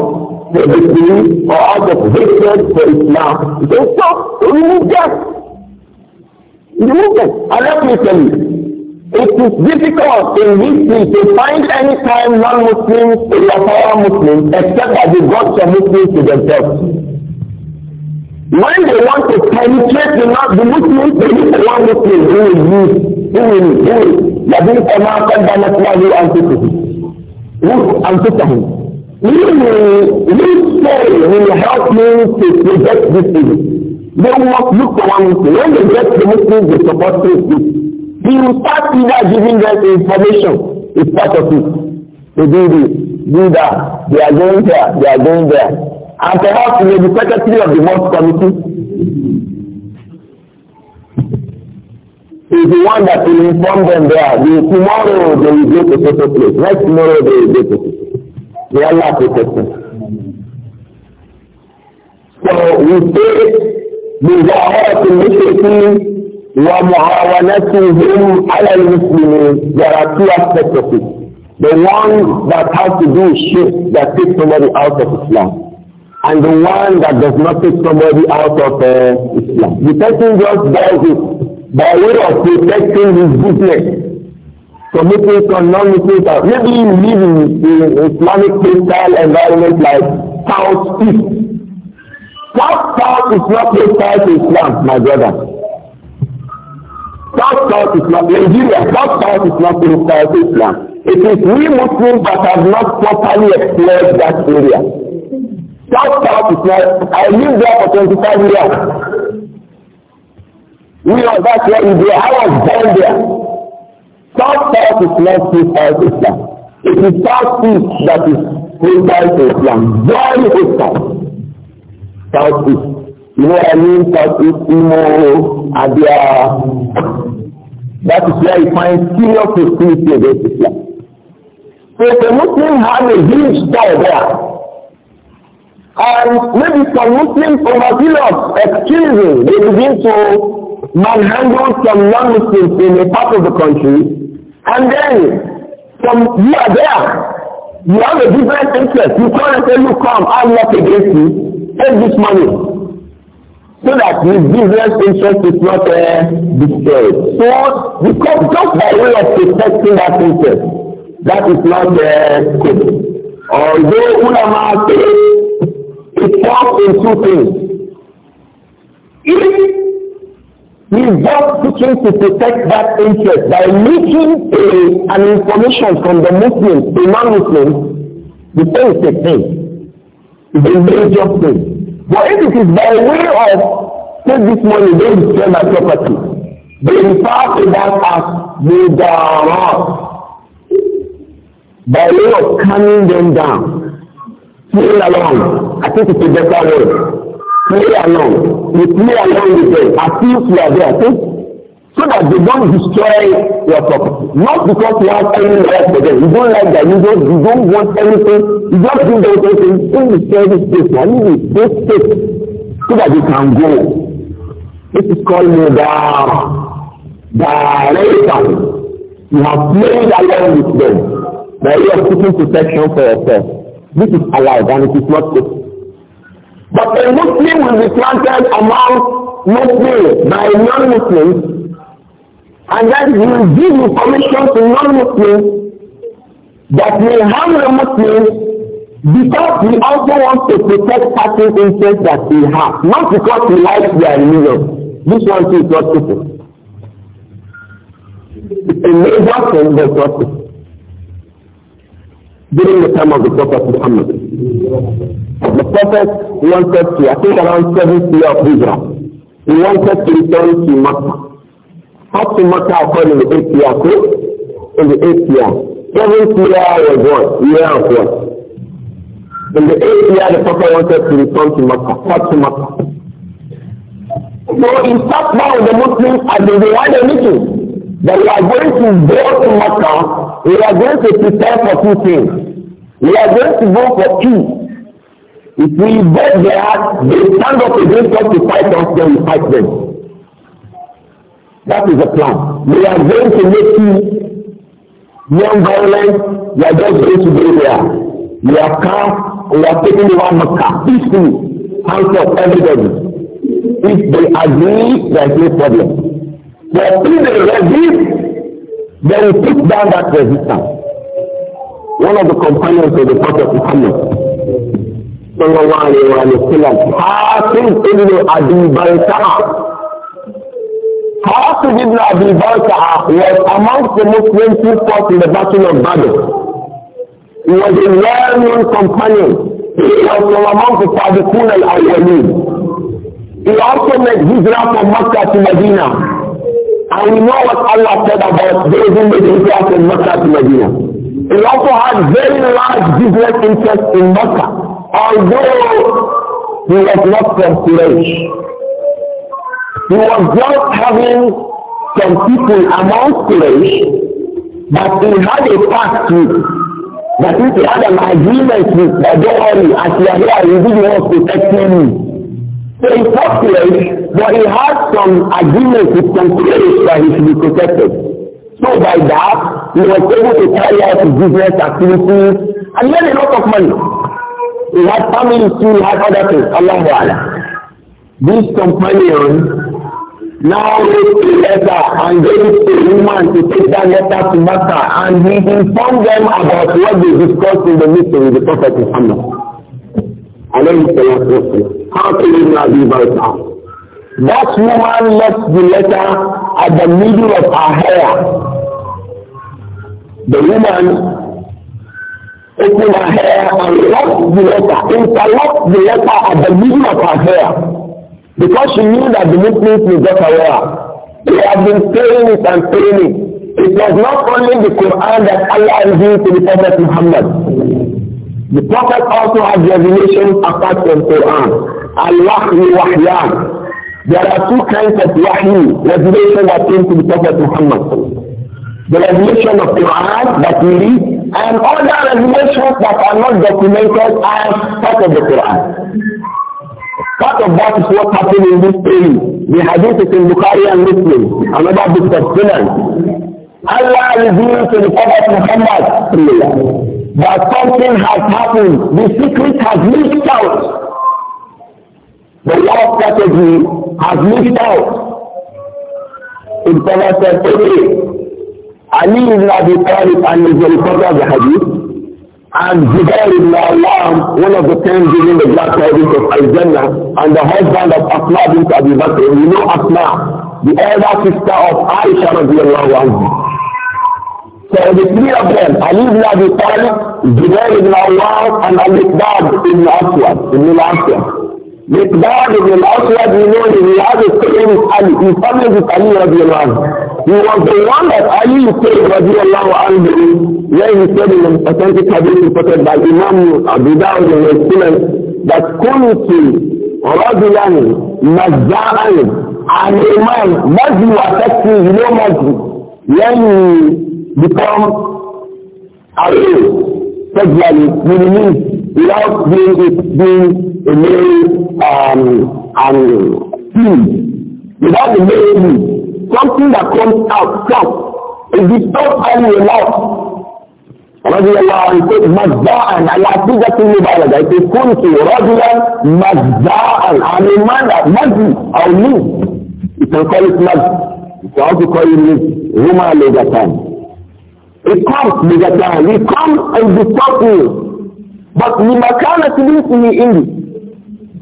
for the belief or out of hatred for Islam they stop remove that remove that and let me tell you It is difficult in this thing to find any time non-Muslims muslim overpower Muslims except that they God some Muslims to themselves. When they want to penetrate the, the Muslims, they need one Muslim who will use, who will, who will, Nabi Omar Kandamat Nabi Antitahu. Antitahu. He will, he say, will help me to reject this thing? They must look for one Muslim. When they get the Muslims, they support this thing. The part leader giving them information is part of it. They do this, do that. They are going there, they are going there. And perhaps you may be secretary of the mosque committee. Is the one that will inform them there. The, tomorrow they will go to social place. Next tomorrow they will go to social place. They are not protected. So we say, we are all to Mushrikeen ومعاونتهم على المسلمين there are two aspects of it the one that has to do with shit that takes somebody out of Islam and the one that does not take somebody out of uh, Islam the person just does it by way of protecting his business from making some non-Muslims out maybe you live in a Islamic style environment like South East that South is not hostile of Islam my brother That thought is not Nigeria. That thought is not in South Islam. It is we Muslims that have not properly explored that area. That thought is not. I lived there for 25 years. We are back here in there. I was born there. That thought is not in South Islam. It is Southeast that is inside Islam. Very Islam. Southeast. You know what I mean? Southeast, Imo, adia. That is where you find serious hostility against Islam. So if a Muslim has a huge power there, and maybe some Muslims over period excusing, they begin to manhandle some non-Muslims in a part of the country, and then some you are there, you have a different interest, you come and say, you come, I'm not against you, take this money so that his business interest is not uh, destroyed. So, because just by way of protecting that interest, that is not uh, good. Although ulama say it falls in two things. If we just seeking to protect that interest by leaking a, an information from the Muslims to non-Muslims, the thing is a thing. It's a major thing. But if it is by way of take this money, then you sell my property, they refer to that as mudarat by way of calming them down. Play along. I think it's a better word. Play along. You play along with them. At least you are there. I think so that they don't destroy your property. Not because you have any right for them. You don't like that. You don't, you don't want anything. You just do those things in the service this one, in the state, so that you can go. This is called Mudar. Direction. You have played along with them. but you are putting protection for yourself. This is allowed and it is not good. But a Muslim will be planted among Muslims by non-Muslims And that you give information to non-Muslims that may harm the Muslims because we also want to protect certain interests that we have, not because we like their religion. This one too is not stupid. It's a major thing that's not stupid. During the time of the Prophet Muhammad, the Prophet wanted to, I think around 70 of Hijrah, he wanted to return to Makkah up to Makkah occurred in the 8th year, cool? In the 8th year. 7th year was what? Year of what? In the 8 the Prophet wanted to return to Makkah, back to Makkah. So in fact now the Muslims are the one meeting that we are going to go to Mata. we are going to prepare for two things. We are going to go for two. If we break there, they stand up against us to fight us, then we fight them. That is the plan. We are going to make you non-violent. We are just going to be there. We are cast. We are taking on over Makkah peacefully. Hands of everybody. If they agree, there is no problem. But if they resist, then we put down that resistance. One of the companions of the Prophet Muhammad sallallahu alayhi wa sallam, Hasim ah, ibn Abi Balta'a Hafiz ibn Abi Balta'a was among the Muslims who fought in the Battle of Badr. He was a well-known companion. He was from among the Sadiqun al-Awwaleen. He also made hijrah from Mecca to Medina. And we know what Allah said about those who made hijrah from Mecca to Medina. He also had very large business interests in Mecca, although he was not from Quraysh. He was just having some people among flesh but he had a pact with. That if he had an agreement with, uh, don't worry, as you are here, you really want protecting him. So he fought place, but he had some agreement with some flesh that he should be protected. So by that, he was able to carry out his business activities and made a lot of money. He had family too, he had other things, Allah This companion now wrote a letter and gave it to woman to take that letter to Martha and he inform them about what they discussed in the meeting with the Prophet Muhammad. And then he said, how can you not be right now? That woman left the letter at the middle of her hair. The woman opened her hair and locked the letter, interlocked the letter at the middle of her hair. Because she knew that the Muslims will get aware. They have been praying it and praying it. It was not only the Quran that Allah revealed to the Prophet Muhammad. The Prophet also had revelations apart from Quran. Allah wahyan. There are two kinds of wahi, revelation that came to the Prophet Muhammad. The revelation of Quran that we read and other revelations that are not documented as part of the Quran. Part of that is what happened in this story. The hadith is in Bukhari and Muslim, another book of Sunan. Allah revealed to the Prophet Muhammad that something has happened. The secret has leaked out. The law strategy has leaked out. The Prophet said, okay, Ali not Abi Talib and his reporter of the hadith, And Zubair ibn Awam, one of the ten during the Black tidings of al and the husband of Asma bint Abi Bakr, you know Asma, the elder sister of Aisha radiallahu anhu. So the three of them, Ali ibn Abi Talib, Zubair ibn Awam, and Ali iqbad ibn Aswad, ibn Aswad. Miqdad ibn Aswad, you know, he had a story with Ali, he followed with Ali radiallahu anhu. He was the one that Ali said radiallahu anhu When he said in an authentic hadith reported by Imam Abu Dawud and Muslim that Kunti Rajulan Mazza'an an Imam Mazi wa Taksi you know Mazi when you become away sexually you release without being it being a male um, and seed without the male something that comes out first is the first time you allow radiyallahu anhu mazda'an al-atija fi mubalaga it is kuntu rajulan mazda'an I'm a man that mazi or me you can call it mazi you can also call it me ruma it comes come and disturb you but limakanat rizqihi indi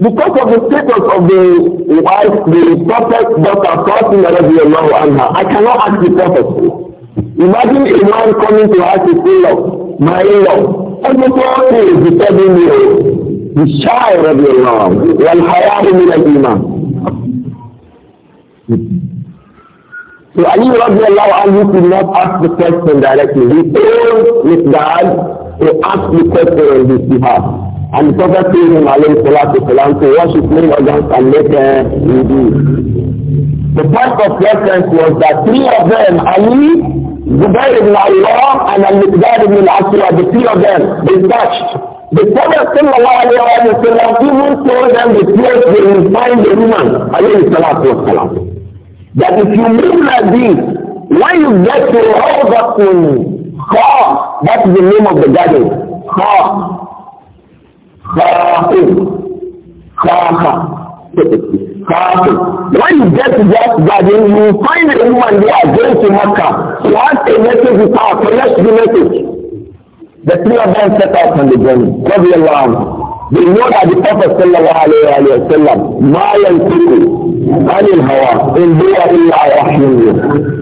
because of the status of the wife, the prophet, Dr. Fatima radiallahu anha, I cannot ask the prophet. Imagine a man coming to ask his in-law, my in-law, everything is disturbing me. The child of your law, wal hayabu min al iman. So Ali radiallahu anhu could not ask the question directly. He told Miqdad to ask the question on his behalf. And the Prophet told him, alayhi salatu salam, to wash his name against and make a The point of reference was that three of them, Ali, Zubair ibn Allah, and Al-Miqdad ibn al-Asra, the three of them, they touched. The Prophet sallallahu alayhi wa sallam even told them the place they will find the woman, alayhi salatu wa sallam. That if you move like this, when you get to Rawdatun Khar, that is the name of the garden. Khar. Khar. Khar. Khar. Powerful. When you get to that garden, you will find a woman they are going to Makkah. What a message is powerful. Let's the message. The three of them set out on the journey. Rabbi Allah. They know that the Prophet sallallahu alayhi wa sallam, ma yantiku anil hawa, in huwa illa wahyun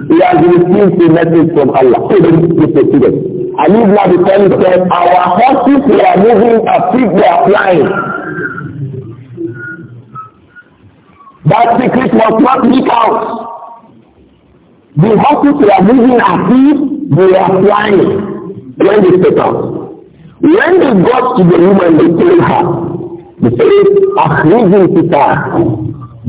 He has received a message from Allah. So they a it. Ali ibn Abi Talib said, our horses were moving as if they are flying. That secret must not leak out. The horses were moving as if they were flying when they set out. When they got to the woman, they told her, they said, Akhrizin Peter,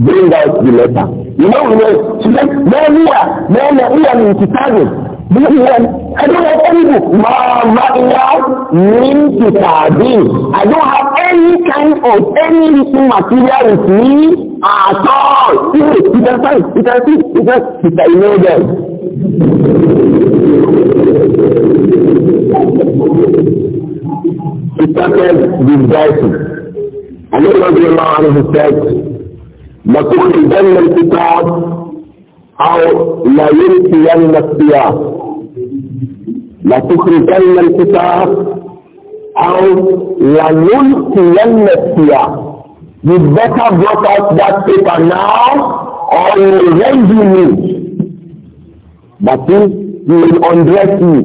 bring out the letter. You know, you know she said, no, we are, no, no, we are in Kitabin. I don't have any book. Ma, ma, min kitabin. I don't have any kind of any little material with me at all. See, you can see, you can see, you can, you can know them. He started with Dyson. And then Rabbi Allah anhu said, لَتُخْرِجَنَّ الْكِتَابِ أَوْ لَيُلْقِيَنَّ السِّيَاقِ لَتُخْرِجَنَّ الْكِتَابِ أو لنلقين السياح you better blot out that paper now or we will rend me. But means you will undress me.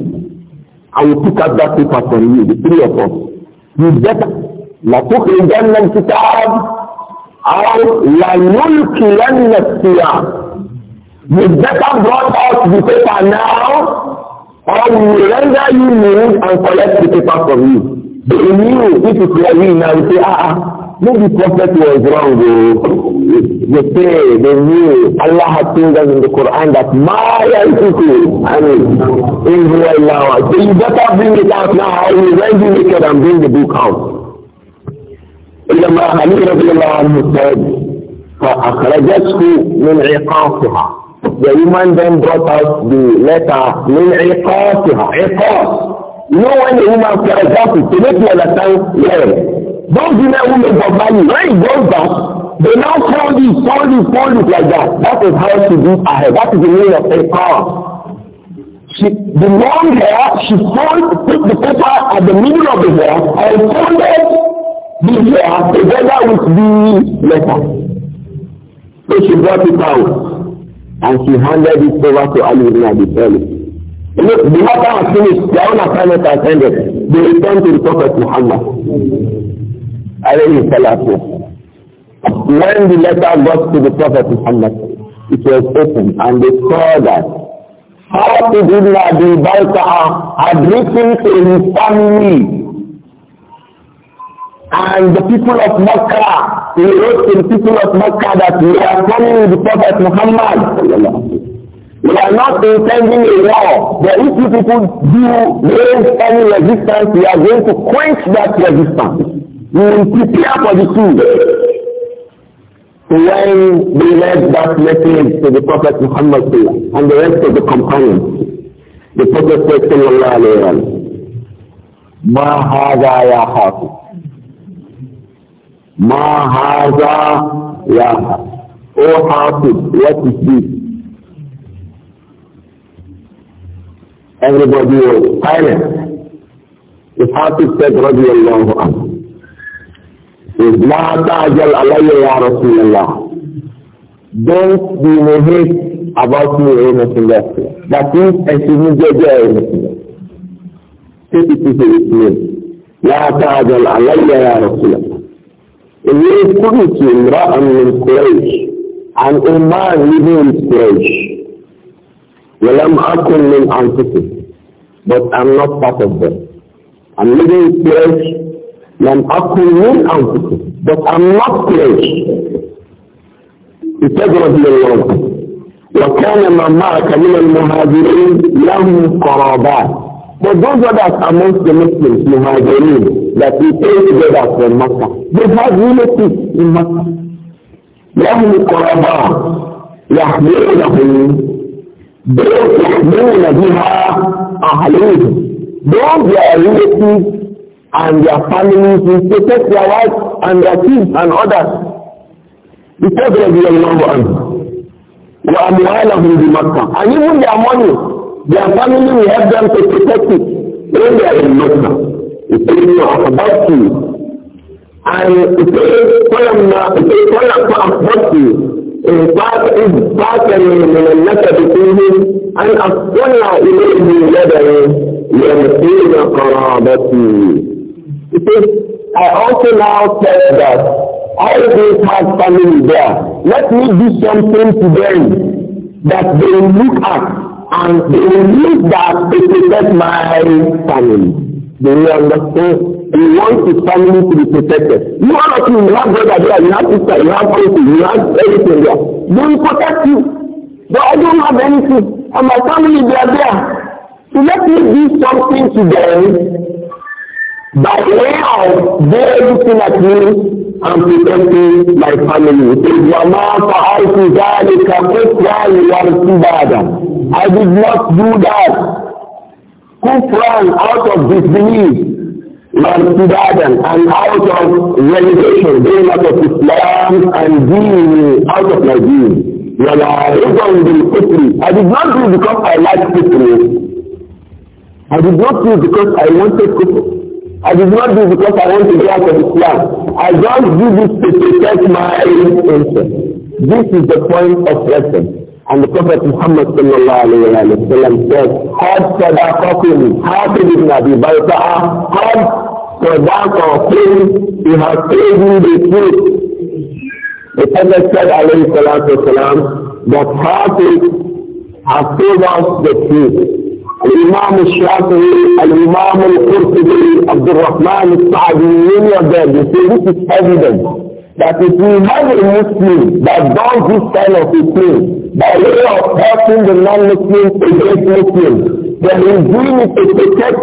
and will pick up that paper from you, the three of us. You better. لتخرجن الكتاب أو لنلقين الثياب. You better blot out the paper now or we will render you news and collect the paper from you. They knew if it were me now, say, ah, ah, maybe prophet was wrong. They, say, they knew. Allah had told us in the Quran that, my Al-Kutu, I mean, Israel So you better bring it out now. you will rend you naked and bring the book out. إنما علي رضي الله عنه said, فأخرجته من عقاصها. The woman then brought out the letter من عقاصها. عقاص. You know when a woman, for example, to make you understand well, those women who make of money, when it goes down, they now fold it, fold it, fold it like that. That is how she do ahead. That is the way of a power. She, the long hair, she fold, put the paper at the middle of the hair and folded the hair together with the letter. So she brought it out and she handed it over to Ali the Abi Look, the matter has finished. The own assignment has ended. They return to the Prophet Muhammad. Alayhi salatu. When the letter got to the Prophet Muhammad, it was open and they saw that Hafid ibn Abi Balta'a had written to his family and the people of Makkah, he wrote to the people of Makkah that we are coming to the Prophet Muhammad. We are not intending a war. But if you people do raise any resistance, we are going to quench that resistance. We will prepare for the coup. when they read that message to the Prophet Muhammad and the rest of the companions, the Prophet said, Sallallahu Alaihi Wasallam, ما هذا يا حافظ ما هذا يا what is this? Everybody was silent. The Prophet said, رضي الله عنه, لا تعجل علي يا رسول الله. Don't be in about me, O Messenger. That means, excuse me, O Messenger. Take it to the لا تعجل علي يا رسول الله إني كنت امرأ من قريش عن أمان من قريش وَلَمْ أَكُنْ مِنْ أَنْفُسِهِمْ But I'm not part of them. I'm living pledge. لَمْ أَكُنْ مِنْ أَنْفُسِهِمْ But I'm not pledge. He said رضي الله عنه وَكَانَ مَنْ مَعَكَ مِنَ الْمُهَاجِرِينَ لَهُمْ قَرَابَاتٍ But those others amongst the Muslims, Muhajirin, that we came together from Makkah, they had relatives in Makkah. لهم قرباء يحملونهم Those يحمون بها أهليهم Those their relatives and their families will protect their wives and their kids and others. Because of رضي الله عنه وأموالهم بمكة and even their money their family will help them to protect it when they are in Mecca. It says you are about to. And it says, فَلَمَّا it says, فَلَمَّا أَحْبَبْتُ باطني من النكد فيه أن أطلع إليه يدعي يمثيل قرابتي I also now said that all these have family there. Let me do something to them that they will look at and they will look that it protects my family. Do you understand? He wants his family to be protected. You all of you, you have brother there, you have sister, you have uncle, you have everything there. They will protect you. But I don't have anything. And my family, they are there. So let me do something to them by way of their looking at me and protecting my family. If your can I did not do that. Who Kufran out of disbelief. Lantidad and out of relegation, going out of Islam and being out of my being. ولا رضا بالكفر I did not do it because I liked kufr I did not do it because I wanted kufr I did not do it because I wanted to be out of Islam. I just do this to protect my innocence. This is the point of reference. And the Prophet Muhammad sallallahu said, "Had sadaqakum Hafid ibn Abi Bayta'a, Qad sadaqakum, he has told you the truth. The Prophet said alayhi salatu wasalam, that Hafid has told us the truth. الإمام الشافعي الإمام القرطبي عبد الرحمن السعدي many of them they say this is evidence that if we have a Muslim that does this kind of a thing by way of helping the non-Muslims against Muslims. But he's doing it to protect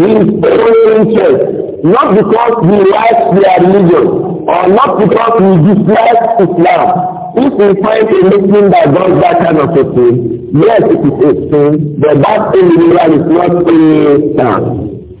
his own interest, not because he likes their religion or not because he dislikes Islam. If we find a Muslim that does that kind of a thing, yes, it is a sin, but that individual is not a Islam.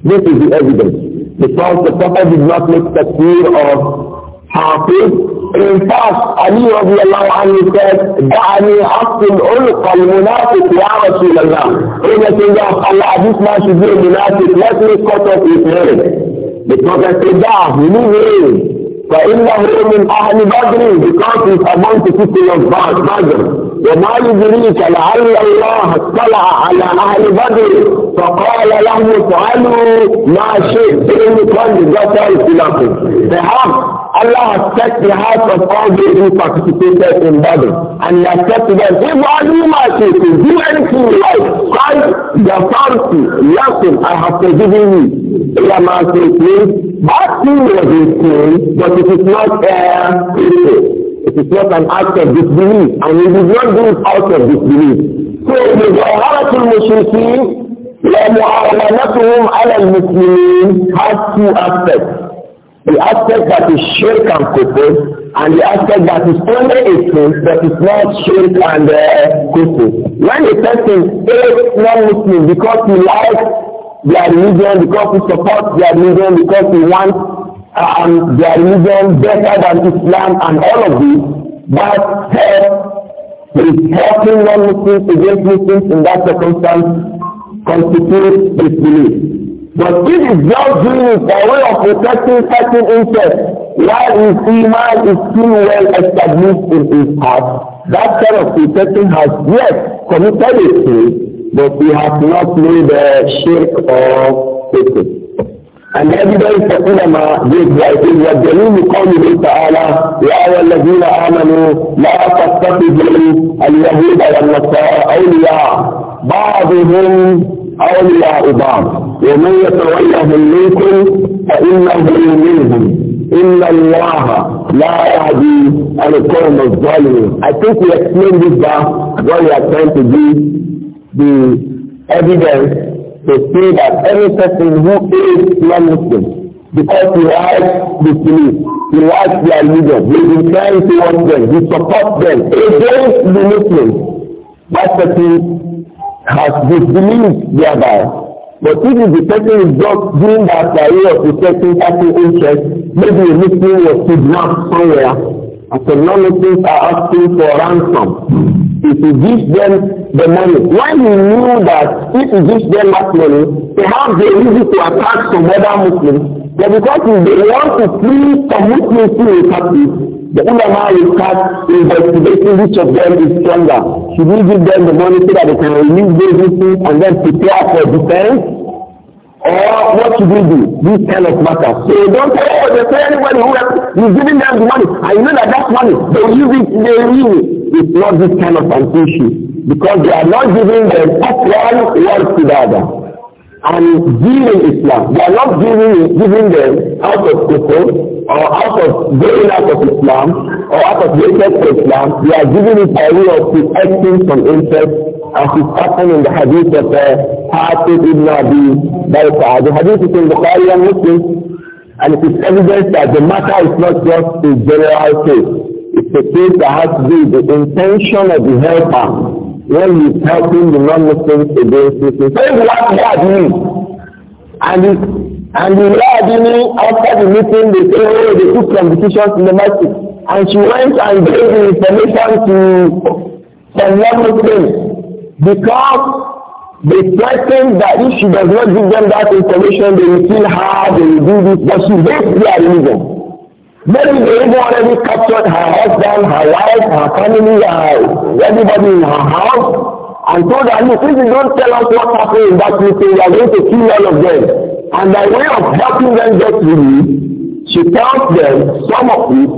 This is the evidence. Because the Prophet did not make the fear of harping In fact, Ali radiallahu anhu said, دعني حق العنق المنافق يا رسول الله. In the kingdom of Allah, this man should be a munafiq. Let me cut off his name. The Prophet said, دعه, leave him. فإنه من أهل بدر because he's among the people of Badr. وما يدريك لعل الله اطلع على اهل بدر فقال له افعلوا ما شئتم قد غفرت لكم. Perhaps Allah set the heart of all those who participated in battle. And He has them, if all you merchants do anything you like, Christ, the Pharisee, Yasin, I have forgiven you. Yama says, that thing was a sin, but it is not a sin. It is not an act of disbelief, and it is not do out of disbelief. So, the Zahara al-Mushrikeen, لمعاونتهم على المسلمين has two aspects the aspect that is shirk and kufr, and the aspect that is only a thing that is not shirk and uh, kufr. When a person is non-Muslim because he likes their religion, because he supports their religion, because he wants uh, um, their religion better than Islam and all of this, that help is helping non-Muslims against Muslims in that circumstance constitutes disbelief. But this is just doing it by way of protecting certain interests while his iman is still well established in his heart. That kind of protection has yet committed a sin, but he has not made a shake or it. And evidence of ulama did right is what the new قوله تعالى يا أيها الذين آمنوا لا تتخذوا اليهود والنصارى أولياء بعضهم أولياء بعض ومن يتولهم منكم فإنه منهم إن الله لا يهدي القوم الظالمين I think we explained this back what we are trying to give the evidence to say that any person who is non-Muslim because he likes the belief, he likes their religion, he is trying towards them, he support them against the Muslims, that person has disbelieved thereby. But if the person is just doing that by way of protecting certain interest, maybe a Muslim was kidnapped somewhere, and some non-Muslims are asking for ransom. If you give them the money, when you knew that if you give them that money, perhaps they use it to attack some other Muslims, but because they want to free some Muslims to are captive, The ulama will start investigating which of them is stronger. Should we give them the money so that they can release those things and then prepare for defense? Or what should we do? This kind of matter. So don't say, oh, they say anybody who has, is giving them the money. I know that that money. They use it, they use it. It's not this kind of an issue. Because they are not giving them up one word to the other and giving Islam. They are not giving, giving them out of control or out of going out of Islam or out of hatred for Islam. They are giving it by way of protecting from interest as is happening in the hadith of uh, Hatib ibn Abi Balqa. The hadith is in Bukhari and Muslim and it is evident that the matter is not just a general case. It's a case that has to do with the intention of the helper when he is helping the non-Muslims against Muslims. So he's like Yadini. And he and he the me after the meeting, they say, oh, they took competitions in the market. And she went and gave the information to some non-Muslims because they threatened that if she does not give them that information, they will kill her, they will do this, but she hates their religion. Then Abraham already captured her husband, her wife, her family, her, uh, everybody in her house, and told her, look, if you don't tell us what happened in that meeting, we are going to kill all of them. And by way of helping them get released, she tells them some of it,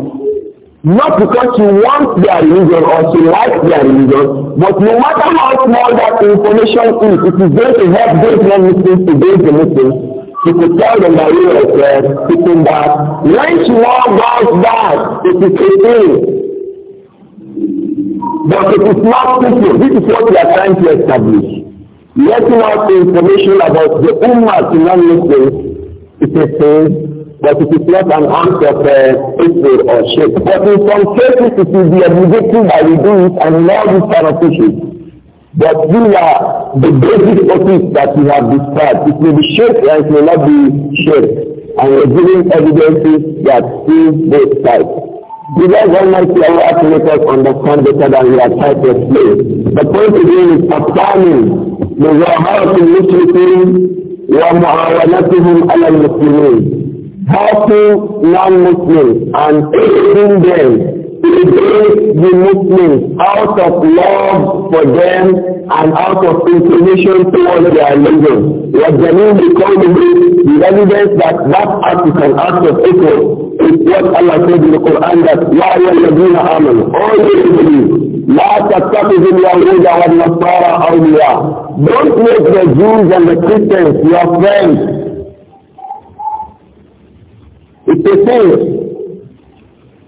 not because she wants their religion or she likes their religion, but no matter how small that information is, it is going to help those non to build the meeting. She could tell the Maria was sitting back. When she now bows back, it is sitting. But it is not sitting. This is what we are trying to establish. Letting out the information about the Ummah to non-Muslims is a thing, but it is not an answer. of uh, Israel or shape. But in some cases, it will be obligatory that we do it and not this kind of issues. But you are the basic topics that you have described. It may be shaped and it may not be shaped. And we're giving evidences that prove both sides. Because Almighty Allah to make us understand better than we are trying to explain. The point again is affirming the Zahara to Muslims ومعاونتهم على المسلمين helping non-Muslims and aiding them he make the Muslims out of love for them and out of inclination towards their religion. What they mean it the evidence that that act is an act of equal is what Allah said in the Quran that you أَيُّهَا الَّذِينَ آمَنُوا All you believe لَا تَتَّخِذُوا الْيَهُودَ وَالنَّصَارَى أَوْلِيَاءَ Don't make the Jews and the Christians your friends. It's a thing.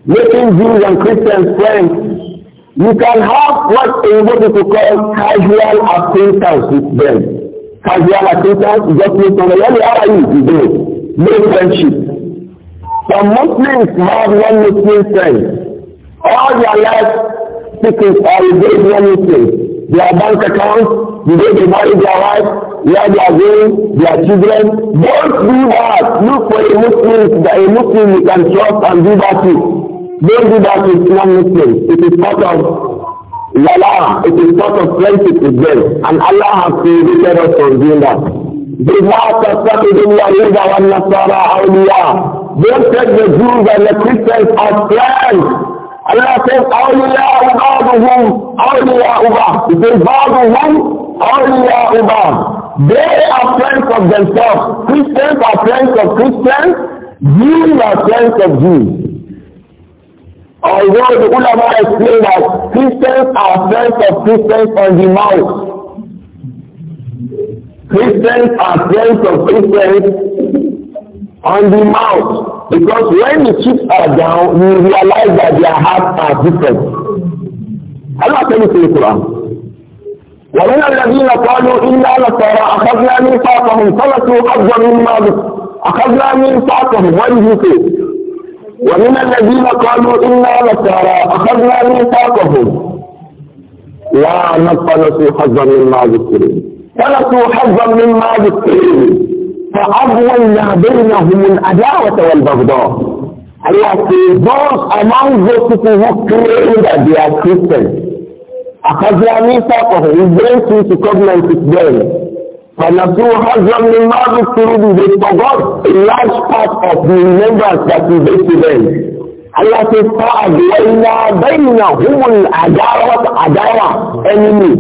making Jews and Christians friends, you can have what a to call casual acquaintance with them. Casual acquaintance, just meet somebody, how are you? You do. No friendship. Some Muslims have one Muslim friend. All their life, speaking or engaged one Muslim. Their bank account, the way they marry their wife, where they are going, their children. Don't do that. Look for a Muslim, a Muslim you can trust and do that to. Don't do that with non-Muslims. It is part of Lala. It is part of friendship with them. And Allah has created us from doing that. بِمَا تَتَّخِذُ Don't take the Jews and the Christians as friends. Allah says, أَوْلِيَاءُ بَعْضُهُم أَوْلِيَاءُ بَعْضُ It is بَعْضُهُم أَوْلِيَاءُ بَعْضُ They are friends of themselves. Christians are friends of Christians. Jews are friends of Jews. Although the ulama explain that Christians are friends of Christians on the mouth. Christians are friends of Christians on the mouth. Because when the chips are down, we realize that their hearts are different. Allah tell you to the Quran. ومن الذين قالوا إنا نصارى أخذنا ميثاقهم فنسوا حظا مما أخذنا ميثاقهم وإن ومن الذين قالوا إنا نسارى أخذنا ميثاقهم لا نقلصوا حظا مما ذكروا فلقوا حظا مما ذكروا فأغوينا بينهم العداوة والبغضاء Allah says, those among those people who claim that they are Christians, أخذنا ميثاقهم, we bring to covenant with them. The Nabil Hazram Nimad Surudu, they forgot a large part of the remembrance that he gave to them. Allah says, فَأَدْوَيْنَا بَيْنَهُمُ الْأَدَارَةَ أَدَارَةَ Enemy.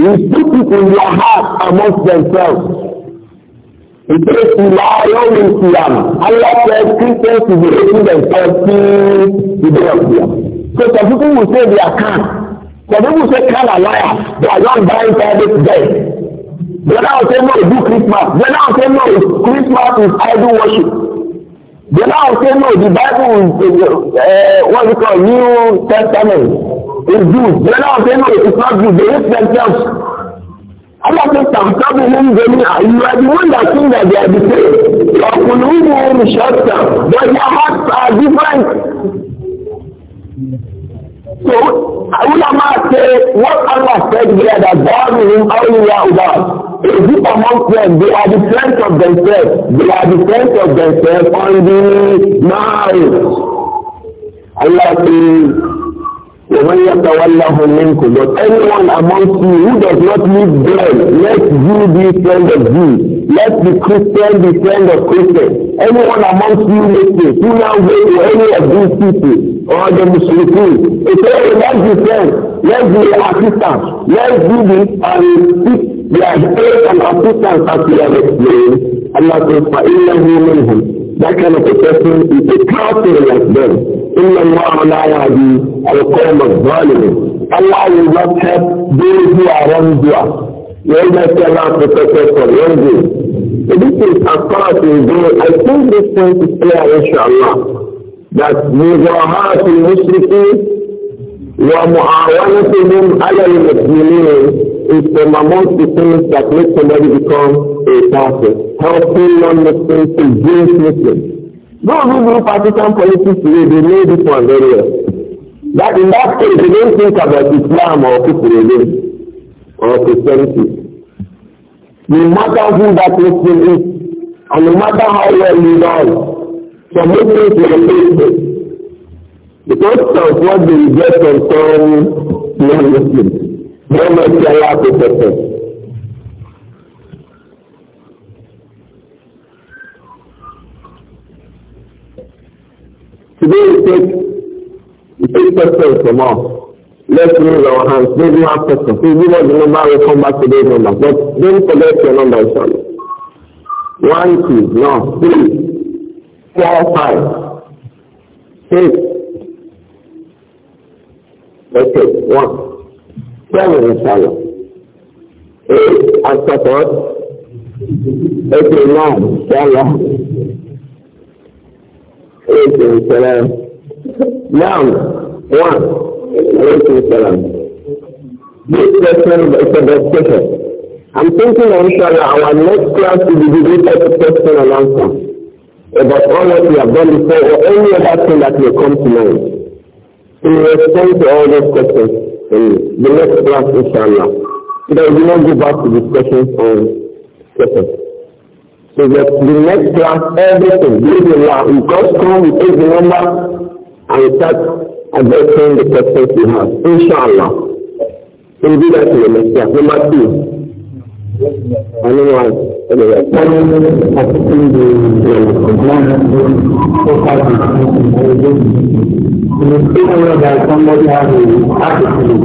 We put it in your heart amongst themselves. It says, إِلَىٰ يَوْمِ الْقِيَامَةِ Allah says, Christians will be raising themselves to the day of Qiyamah. So some people will say they are can. Some people say can a liar? They are not buying private debt. They now say no, do Christmas. They now say no, Christmas is idol worship. They now say no, the Bible is uh, what we call New Testament. It's Jews. They now say no, it's not Jews. They hate themselves. Allah says, "Tamtabu hum jamia." You are the one that think that they are the same. You are Your kulubu hum shatta, but your hearts are different. So ulama say what Allah said here that God is awliya Allah. If you among them, they are the friends of themselves. They are the friends of themselves on the marriage. Allah says, وَمَنْ يَتَوَلَّهُمْ مِنْكُمْ But anyone among you who does not live them, let you be friend of you. Let the Christian be friend of Christian. Anyone among you makes it, who now go to any of these people, or the Muslims. It's all let's be friends, let's be assistants, let's do this and seek their aid and assistance as we have explained. Allah says, فَإِنَّهُ مِنْهُمْ That kind of a person is a counselor like them. إِنَّ اللَّهَ لَا يَهْدِي الْقَوْمَ الظَّالِمِينَ Allah will not help those who are wrongdoers. When they say Allah protects us from wrongdoing. So this is as far as we go. I think this point is clear, inshallah that مزاحات المشركين ومعاونتهم على المسلمين is from amongst the things that make somebody become a prophet. Helping non-Muslims to Jewish Muslims. Those who do partisan politics today, they know this one very well. That in that case, they don't think about Islam or Christianity or Christianity. No matter who that Muslim is, and no matter how well he does, some Muslims were faithful because of what they get from some non-Muslims. How much Allah protect us? Today we take we take questions from us. Let's raise our hands. Maybe you have questions. Please give us the number. We'll come back to those numbers. But don't forget your number, Sorry. One, two, no, three four five, six. Let's take one. Seven inshallah. Eight after what? Eight nine inshallah. Eight inshallah. Nine. One. Eight inshallah. This question is a question. I'm thinking inshallah our next class will be devoted to question and answer about all that we have done before or any other thing that may come to mind. So we respond to all those questions in the next class, inshallah. So that we not go back to discussion on questions. So that the next class, everything, Bismillah, we just come, we take the number, and start addressing the questions we have, inshallah. So we do that in the next class. Number two. Anyone, anyway, I think the compliance so far is not involved. In the same way that somebody has a attitude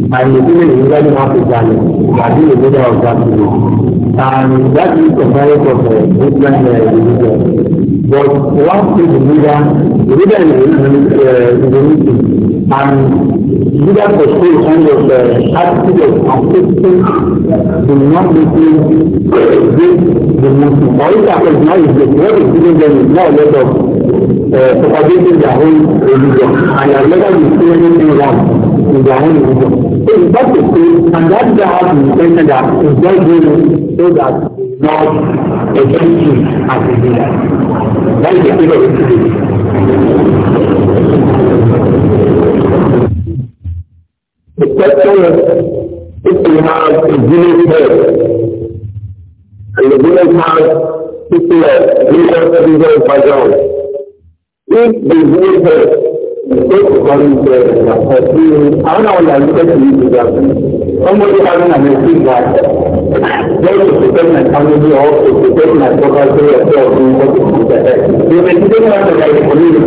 and the feeling is very hard to challenge, that is the leader of that feeling. And that is the value of a different religion. But once the leader, the leader is uh, in the meeting, and leader for school kind of uh, attitude of accepting uh, the not meeting with the Muslim. Or happens now is that what is giving them is more or less of uh, propagating their own religion. And as long as you see anything wrong in their own religion. So it's not the case, and that's the heart intention that is just doing so that God against you as a leader láì jẹ́ pé lọ́wọ́ ti dé. The question is if you have a village head and the village has people of various religious background, if the village head takes money there for Lẹ́yìn òṣìṣẹ́ náà kánú ní ọ́ òṣìṣẹ́ náà tó bá gbé ẹgbẹ́ ọdún ọdún ìṣẹ́ rẹ̀. Ìrìn ìdílé náà lọ láì fún mi.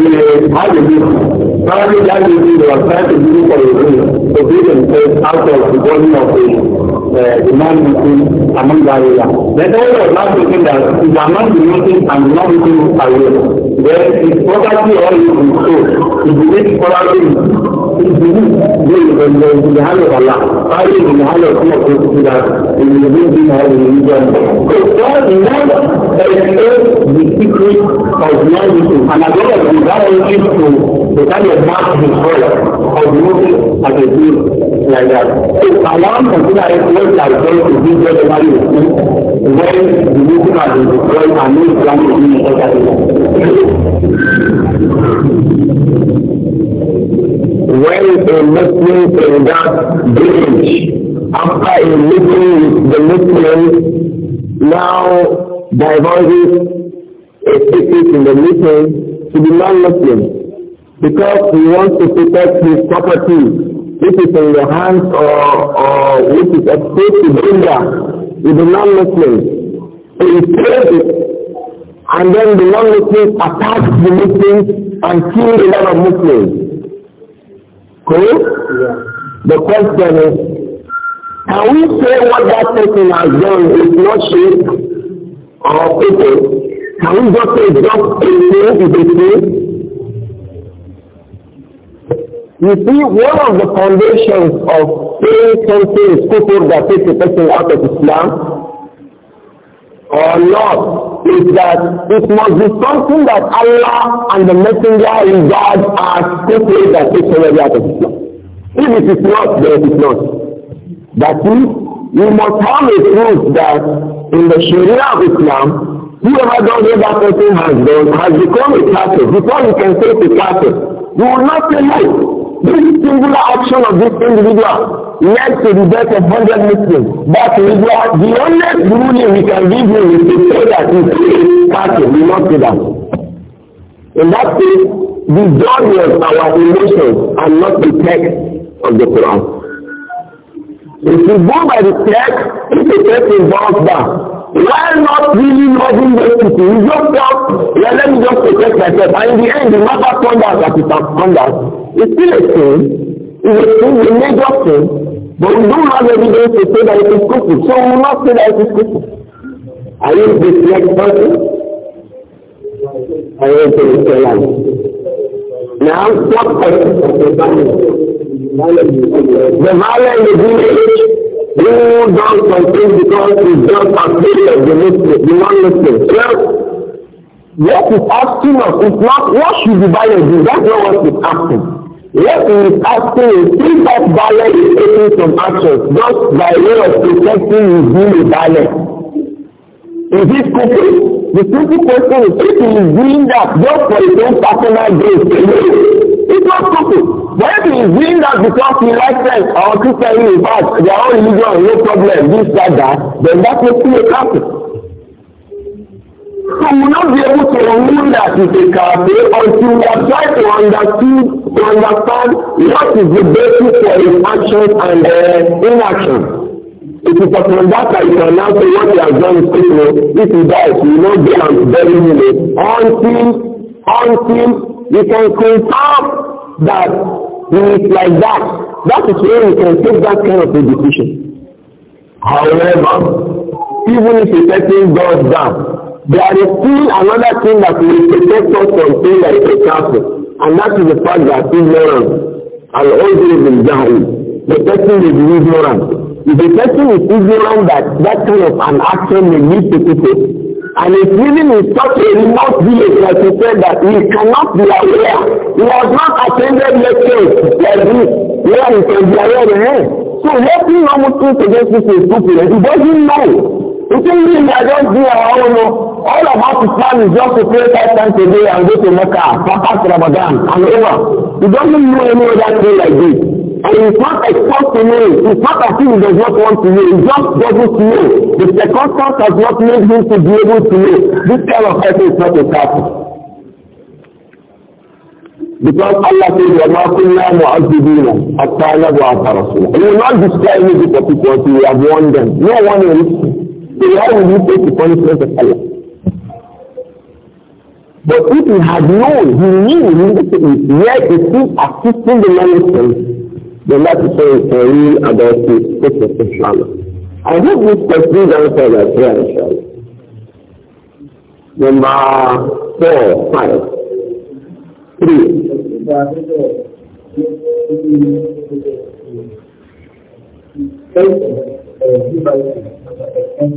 Ìrìn àgbègbè máa ní lágbègbè ìwà sáàtì ní pọ̀ ìrìn obìnrin pé out of the body of the demand meeting among the area. Bẹ́ẹ̀ ó lọ láti fi dà ìgbà máa ń meeting and not meeting àwẹ̀. Bẹ́ẹ̀ ìfọ́dájú ọ̀ ìdìbò ìdílé ìfọ́dájú ìdílé ìdílé ìdílé ìdílé ìdílé ìdílé ìdílé ìdílé ìdílé to that it will religion. Because God the secret of non And as long as we have to the kind of mark his of looking as a Jew like that. So Allah that, it worth as well to be the value when the Muslim has been destroyed and no Islam is being When a Muslim can that bridge after a meeting with the Muslim now divulges a secret in the meeting to the non-Muslim because he wants to protect his property which is in your hands or, or which is exposed to danger with the non-Muslim. So he says it and then the non-Muslims attack the Muslims and kill a lot of Muslims. Correct? Yeah. The question is, can we say what that person has done is not shirk or people? Can we just say just a name is a sin? You see, one of the foundations of saying something is kufr that takes a person out of Islam or not is that it must be something that Allah and the Messenger regard as kufr that takes somebody out of Islam. If it is not, then it is not. That we we must have a proof that in the Sharia of Islam, whoever does what that person has done has become a kafir. Before you can say it's a kafir, we will not say no. This singular action of this individual led to the death of 100 Muslims. But we are the only ruling we can give you is to say that he is kafir. We not say that. In that case, the joy of our emotions and not the text of the Quran. If you go by the text, if the text is bounced back, why not really loving those people? You just felt, yeah, let me just protect myself. And in the end, the matter turned out that it has turned out. It's still a sin. It's a sin, a major sin. But we don't have evidence to say that it is cuckoo. So we will not say that it is cuckoo. Are you the next person? I want the tell you. Now, what person? The violence is who don't complain because it's just as big as the Muslim, the non-Muslim. Well, what is asking us is not what should the violence be, that's not what is asking. What he is asking is if that violence is taking some action, just by way of protecting his human violence. Is it cooking? The simple question is if he is doing that just for his own personal gain, it's not cooking. When he's doing that because he likes them or Christian in fact, their own religion, no problem, this, that, that, then that makes him a Catholic. So we will not be able to remove that is a cafe until we are trying to understand, to understand what is the basis for his actions and uh, inaction. It is upon that that you can now say what he has done is know, If he dies, you know they are very bury until, until you can confirm that He is like that. That is where you can take that kind of a decision. However, even if a person goes down, there is still another thing that will protect us from things like a castle, and that is the fact that ignorance and always in Jahil, the person is ignorant. If the person is ignorant that that kind of an action may lead to people, And his living in such a remote village that he said that he cannot be aware. He has not attended lectures like this where he can be aware of him. So helping normal things against this is stupid. He doesn't know. It didn't mean I don't do our own. All of us plan is just to pray five times a day and go to Mecca, Papa Ramadan, and over. You doesn't know any other thing like this. And it's not exposed to me. It's not a thing he does not want to know. He just doesn't know. The circumstance has not made him to be able to know. This kind of person is not a person. Because Allah says, وَمَا كُنَّا مُعَذِّبِينَ حَتَّى نَبْعَثَ رَسُولًا. He will not destroy any people until have warned them. No one will listen. So why will you take the punishment of Allah? But if he had known, he knew he needed to yet he still assisting the management, then that is so for real about his statement, inshallah. I hope this question answers our prayer, inshallah. Number four, five, three. Thank you. When they take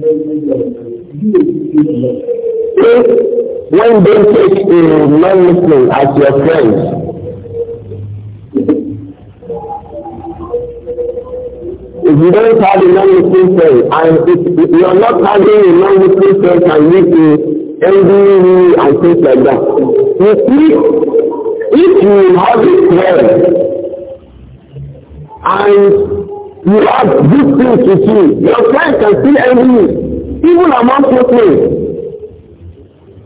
a non-Muslim as your friend, if you don't have a non-Muslim friend and if you are not having a non-Muslim friend can you to angry and things like that. You see, if you have a friend and you have good things to see. Your friends can still envy Even among Muslims,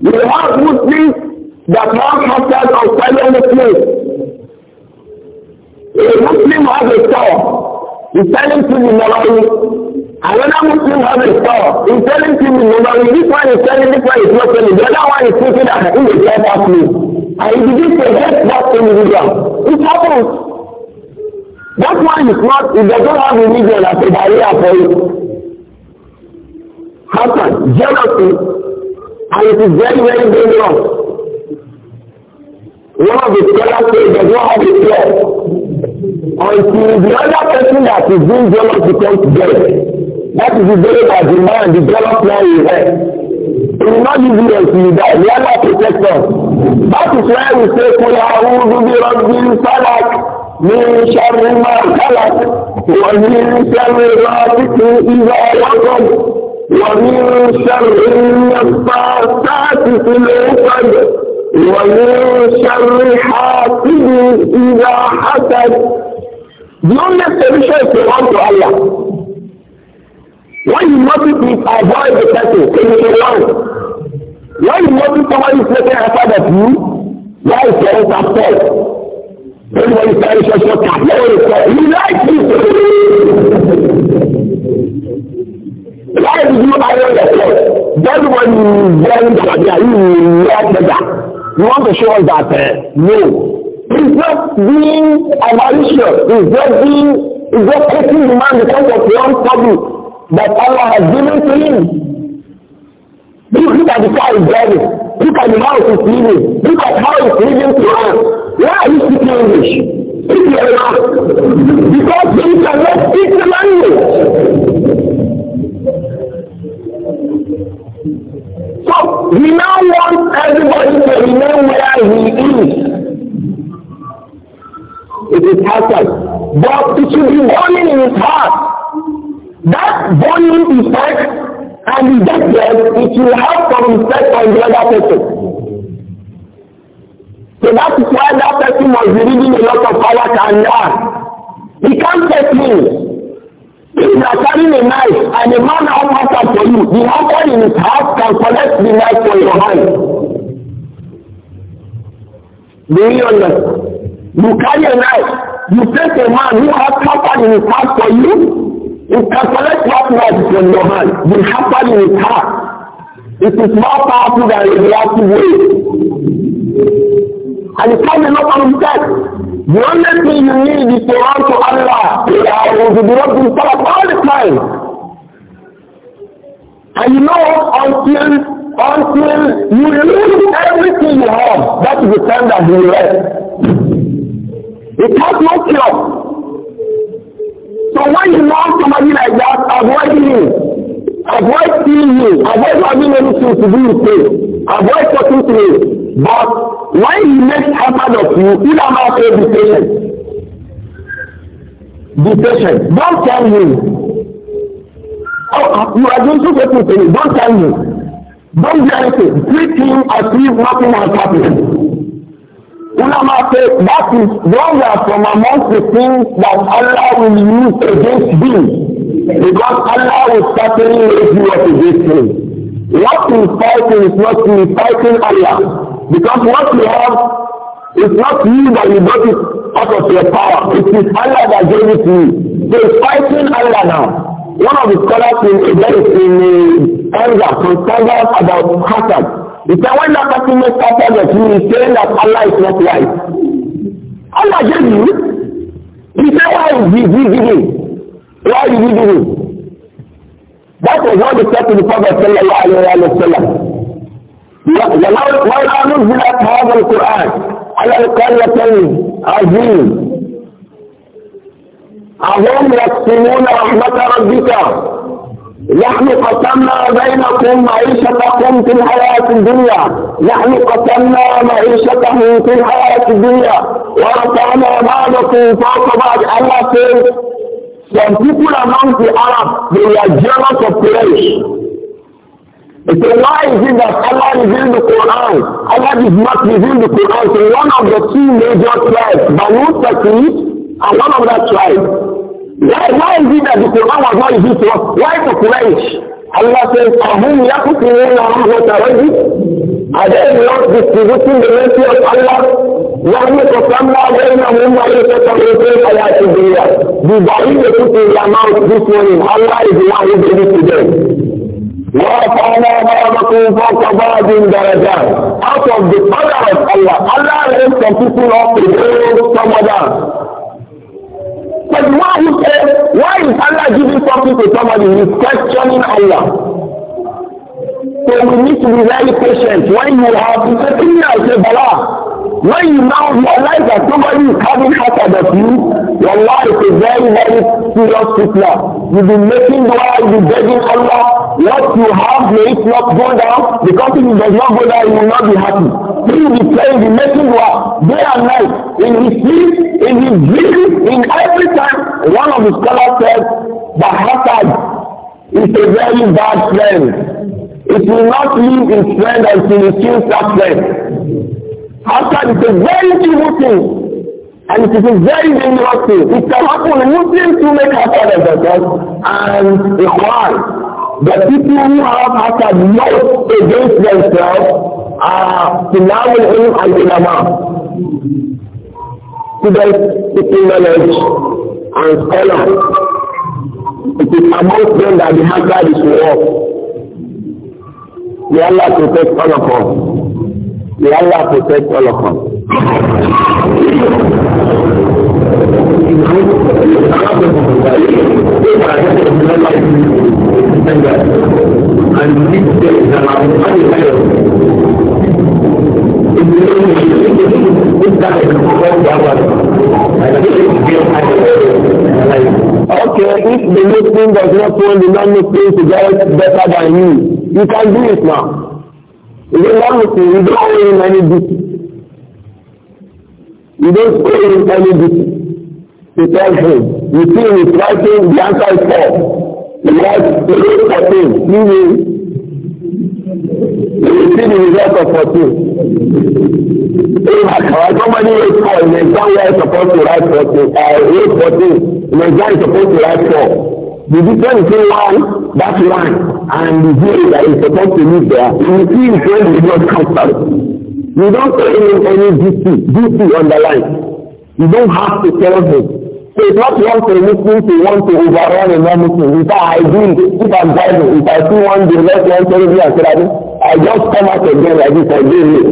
you have good things that have hostels outside of the place. A Muslim has a store. He's selling to the Malawi. Another Muslim has a store. He's selling to the Malawi. This one is selling, this one is not selling. The other one is thinking that he will sell that me. And he begins to get that individual. It happens. That's why it's not, If they don't have religion as a barrier for you. Happen, jealousy, and it is very, very dangerous. One of the scholars says does not have a cure. Until the other person that is being jealous becomes dead. That is the very that the man, the jealous man is dead. It will not give you until you die. The other protects us. That is why we say, Kula, who do Rabbi, Sadak, من شر ما خلق ومن شر غاسق إذا وقب ومن شر النفاثات في العقد ومن شر حاسد إذا حسد The only solution is to run to Allah. Why you must avoid the person in the wrong? Why you must somebody is making a part of you? Why is there a Bẹ́ẹ̀ni wọ́n ìfẹ́ ìṣọ̀ṣọ̀ kà lọ́wọ́ ìkọ̀ ní láìpẹ́ ìṣòro. Láì dúdú ayọ̀ ẹ̀kọ́, bẹ́ẹ̀ni wọ́n ní bẹ́ẹ̀ni tàbí àyè ìrìnlọ́gbẹ̀dà. You want to show us that uh, no. It's not being avaricious. It's not being, it's not taking the man because of your own problem that Allah has given to him. Look at the car is driving. Look at the house it's living. Look at how he's living to us. Why are you English? If you are because you cannot speak the language. So we now want everybody to remain where he is. It is Hassan. But it should be burning in his heart. That burning effect and that it will have some effect on the other person. So that is why that person must be reading a lot of ayat and Quran. He can't take me. If you are carrying a knife and a man offers up for you, the husband in his house can collect the knife from your hand. Do you understand? You carry a knife, you take a man who has husband in his house for you, he can collect that knife from your hand. The husband in his house. It is more powerful than a reactive way and coming up on death. The only thing you need is to run to Allah. I will be in Salah all the time. And you know, until until you lose everything you have, that is the time that you rest. It has no cure. So when you know somebody like that, avoid him. Avoid seeing him. Avoid having anything to do with him. Avoid talking to him. But when he makes hazard of you, he don't have to be patient. Be patient. Don't tell me. Oh, you are going to get to me. Don't tell me. Don't do anything. Treat him as if nothing has happened. Ulama say that is one way from amongst the things that Allah will use against you, Because Allah will certainly raise you up against him. What is fighting is not you fighting Allah. Because what you have is not you that you got it out of your power. It is Allah that gave it to you. They it's fighting Allah now. One of the scholars in Ibn in anger uh, concerned about Hassan. He said when that person makes Hassan at you, he's saying that Allah is not right. Allah gave you. He said why is he me? Why is he me?" That was what the said to the Prophet sallallahu alayhi wa sallam. ولا نزلت هذا القرآن على القرية عظيم أهم يقسمون رحمة ربك نحن قسمنا بينكم معيشتكم في الحياة الدنيا نحن قسمنا معيشتهم في الحياة الدنيا ورفعنا بعضكم فوق بعض Allah في some people في the Arabs they So why is it that Allah revealed the Quran? Allah did not reveal the Quran to so one of the two major tribes, Banu Taqif and one of that tribe. Why, why is it that the Quran was not revealed to us? Why to Quraysh? Allah says, أَهُمْ يَقْتِلُونَ رَحْمَةَ رَبِّهِ Are they not distributing the mercy of Allah? وَهُمْ تَسَمَّى بَيْنَهُمْ وَيَتَسَمِّتُونَ حَيَاةِ الدُّنْيا The Bahim they put in their mouth this morning, Allah is the one who gave it to them. وَرَفَعْنَا بَعْضَكُمْ فَوْقَ بَعْضٍ دَرَجَاتٍ Out of the honor of Allah, Allah raised some people up to But why he said, why is Allah giving something to somebody who is questioning Allah? So we need to be very patient when you have the opinion of the Bala. When you now realize that somebody is having hatred of you, your life is very, very serious fitna. You've been making dua, you've been begging Allah, what you have may it not go down because if it does not go down you will not be happy he will be praying the making war day and night in his sleep in his dream in every time one of the scholars said the hatred is a very bad friend it will not leave his friend until he kills that friend hatred is a very evil thing and it is a very dangerous thing. It can happen. Muslims who make hatred of themselves and Ikhwan the people who have acted no against themselves are the Tilawul umm and Ulama. Students seeking knowledge and scholars. It is amongst them that the hazard is work. May Allah protect all of us. May Allah protect all of us. Okay, if the Muslim does not want the non-Muslim to get better than you. You can do it now. If you're non-Muslim, you don't owe him any duty. You don't pay him any duty to tell him, you see he's writing the answer is four. He writes the rate 14. You will you see the result of 14. In Accra, somebody wrote 4 in the exam where it's supposed to write 14. I uh, wrote 14 in exam is supposed to write 4. The difference between one, that one, and the zero that is supposed to live there, you see is when the result comes out. You don't pay any, any GT, GT on the line. You don't have to tell him. So it's not one to Muslim to want to overrun a non-Muslim. If I do, if I'm driving, if I see one, the left one, terribly, I said, I just come out again like this, I do it.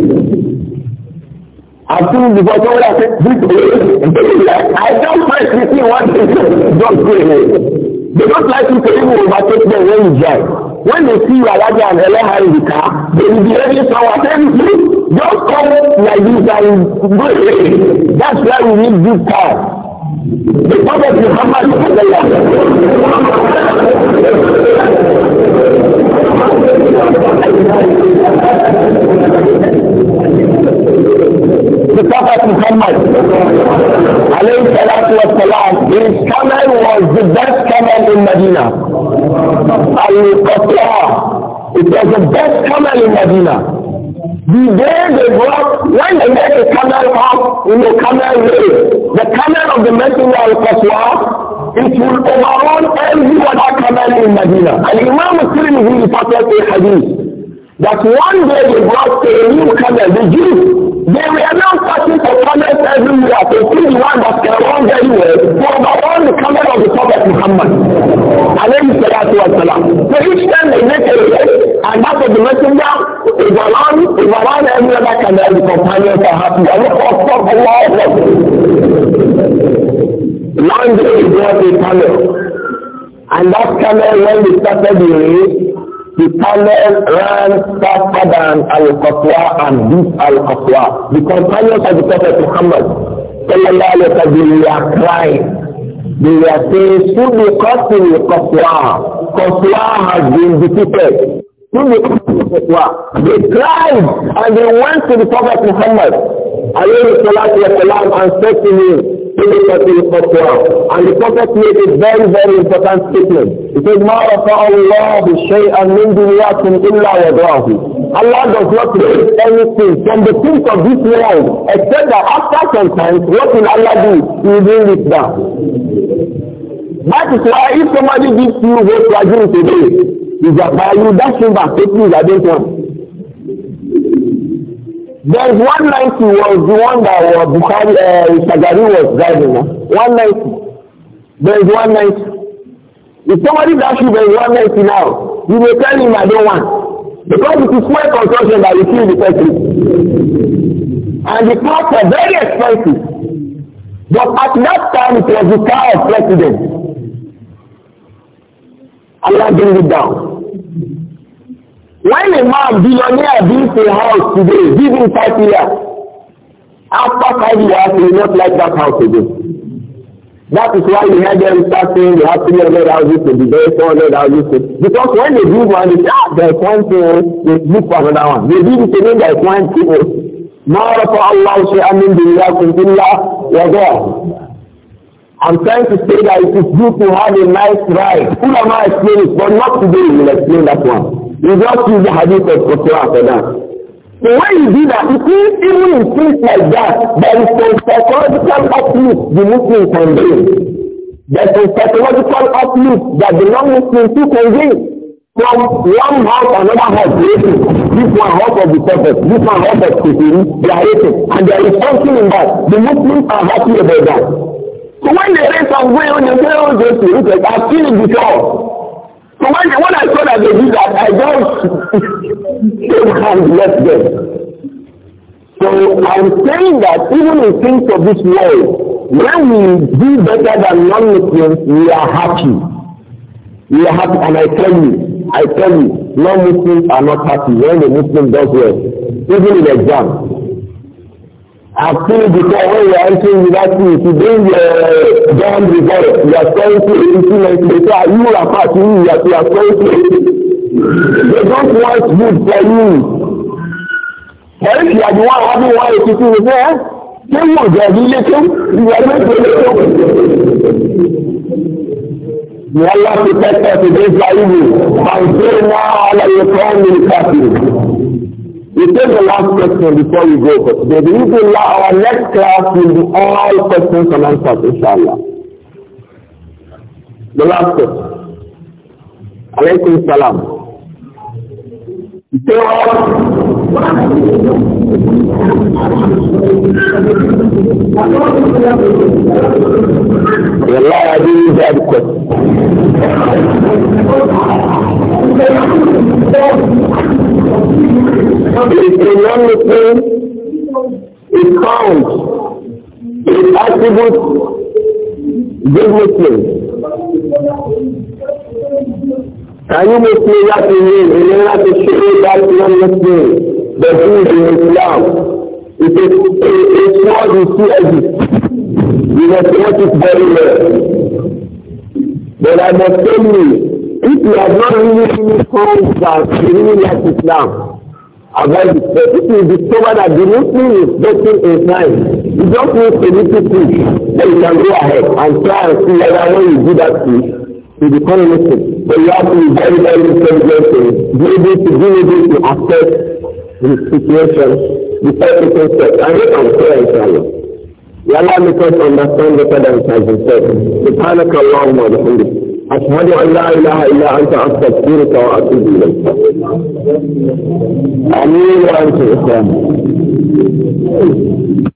I'm seeing the bottom I said, this way, I don't like to see what they thing, Don't go away. They don't like you to even overtake them when you drive. When they see you Alaja and Eleha in the car, they will be ready tell our Just come like this and go away. That's why we need this car. بقدر محمد صلى الله عليه وسلم بقدر محمد عليه الصلاة والسلام his camel was the best camel in Medina al-Qatra it was the best camel in Medina The day they brought, when they get the camel up in the camel way, the camel of the messenger of Qaswa, it will overrun every other camel in Medina. And Imam Muslim, he reported a hadith, that one day they brought a new camel, the Jews, They were now starting to comment everywhere to see the one that can run very well from around the camera of the Prophet Muhammad. Alayhi salatu wa salam. So each time they make a request, and that of the messenger is around, is around every other can camera, the companions are happy. Allah Akbar, Allah Akbar. Land is what they camel. And that camel, when they started the race, The camel ran faster than Al-Qaswa and beat Al-Qaswa. The companions of the Prophet Muhammad sallallahu alayhi wa sallam were crying. They were saying, should be costing the Qaswa. Qaswa has been defeated. Should be costing the Qaswa. They cried and they went to the Prophet Muhammad alayhi salatu wa sallam and said to him, And the Prophet made a very, very important statement. He said, مَا رَفَعَ اللَّهُ شَيْئًا min دُنْيَاكُمْ illa وَضَعَهُ Allah does not create anything from the things of this world, except that after some time, what will Allah do? He will bring it down. That is why if somebody gives you what you are doing today, is that by you, that's him back, take me, I don't want. There is one ninety was the one that was Bukhari, uh, Sagari was driving. Huh? is one ninety. If somebody that you one ninety now, you may tell him I don't want. Because it is my construction that you kill the person. And the costs are very expensive. But at that time it was the car of president. I Allah bring it down. When a man billionaire builds a house today, give five years. After five years, he will not like that house again. That is why we had them start saying they have 300 houses to be there, 400 houses to Because when they build one, they say, ah, there's one thing, they look for another one. They build it again, there's one thing. ما رفع الله شيئا من دنياكم إلا وضعه. I'm trying to say that it is good to have a nice ride. Ulama explain it, but not today we will explain that one. You just use the hadith of Qur'an for that. So when you do that, it means even in things like that, there is some psychological uplift the Muslim can bring. There's a psychological uplift that the non-Muslim too can bring. From one house another house, rating. This one house of the prophet, this one house of Kufiri, they are rating. And there is something in that. The Muslims are happy about that. So when they raise some way on the way on the street, I've seen the before. So when, when I saw that they did that, I just came and left them. So I'm saying that even in things of this world, when we do better than non-Muslims, we are happy. We are happy, and I tell you, I tell you, non-Muslims are not happy when a Muslim does well, even in exams. After the time when you are entering university, if you bring your exam uh, result, you are going to 80 months later, you are part you, you are, you are They don't want good for you. But if you are the one having 182 result, ṣé yóò jẹ́ ẹ̀dí lékún? Ìwà méje lékún. Wọ́n láti tẹ́tẹ́ sí Dé Fáyìmù, àìsí náà aláyé kan ní ìpàdé. We take the last question before we go for today. Inshallah, our next class will be all questions and answers, inshallah. The last question. Alaykum salam. Wallahi I didn't use adequate. It economic thing, it counts, it attributes good Muslims. Can you make me that in you in order to show that non-Muslim Islam? It is a, a sword you see exist. You must not very well. But I must tell you, if you have not really really found that really like Islam, avoid it. But if you discover that the Muslim is betting in time, you just need to little push, then you can go ahead and try and see whether when you do that push, بيكون مسلم ويعطي very very intelligent be able to deal with it to assess the situation the circumstances and make am clear inshallah yalla make us understand better than it has been said سبحانك اللهم وبحمدك أشهد أن لا إله إلا أنت أستغفرك وأتوب إليك آمين وأنت إسلام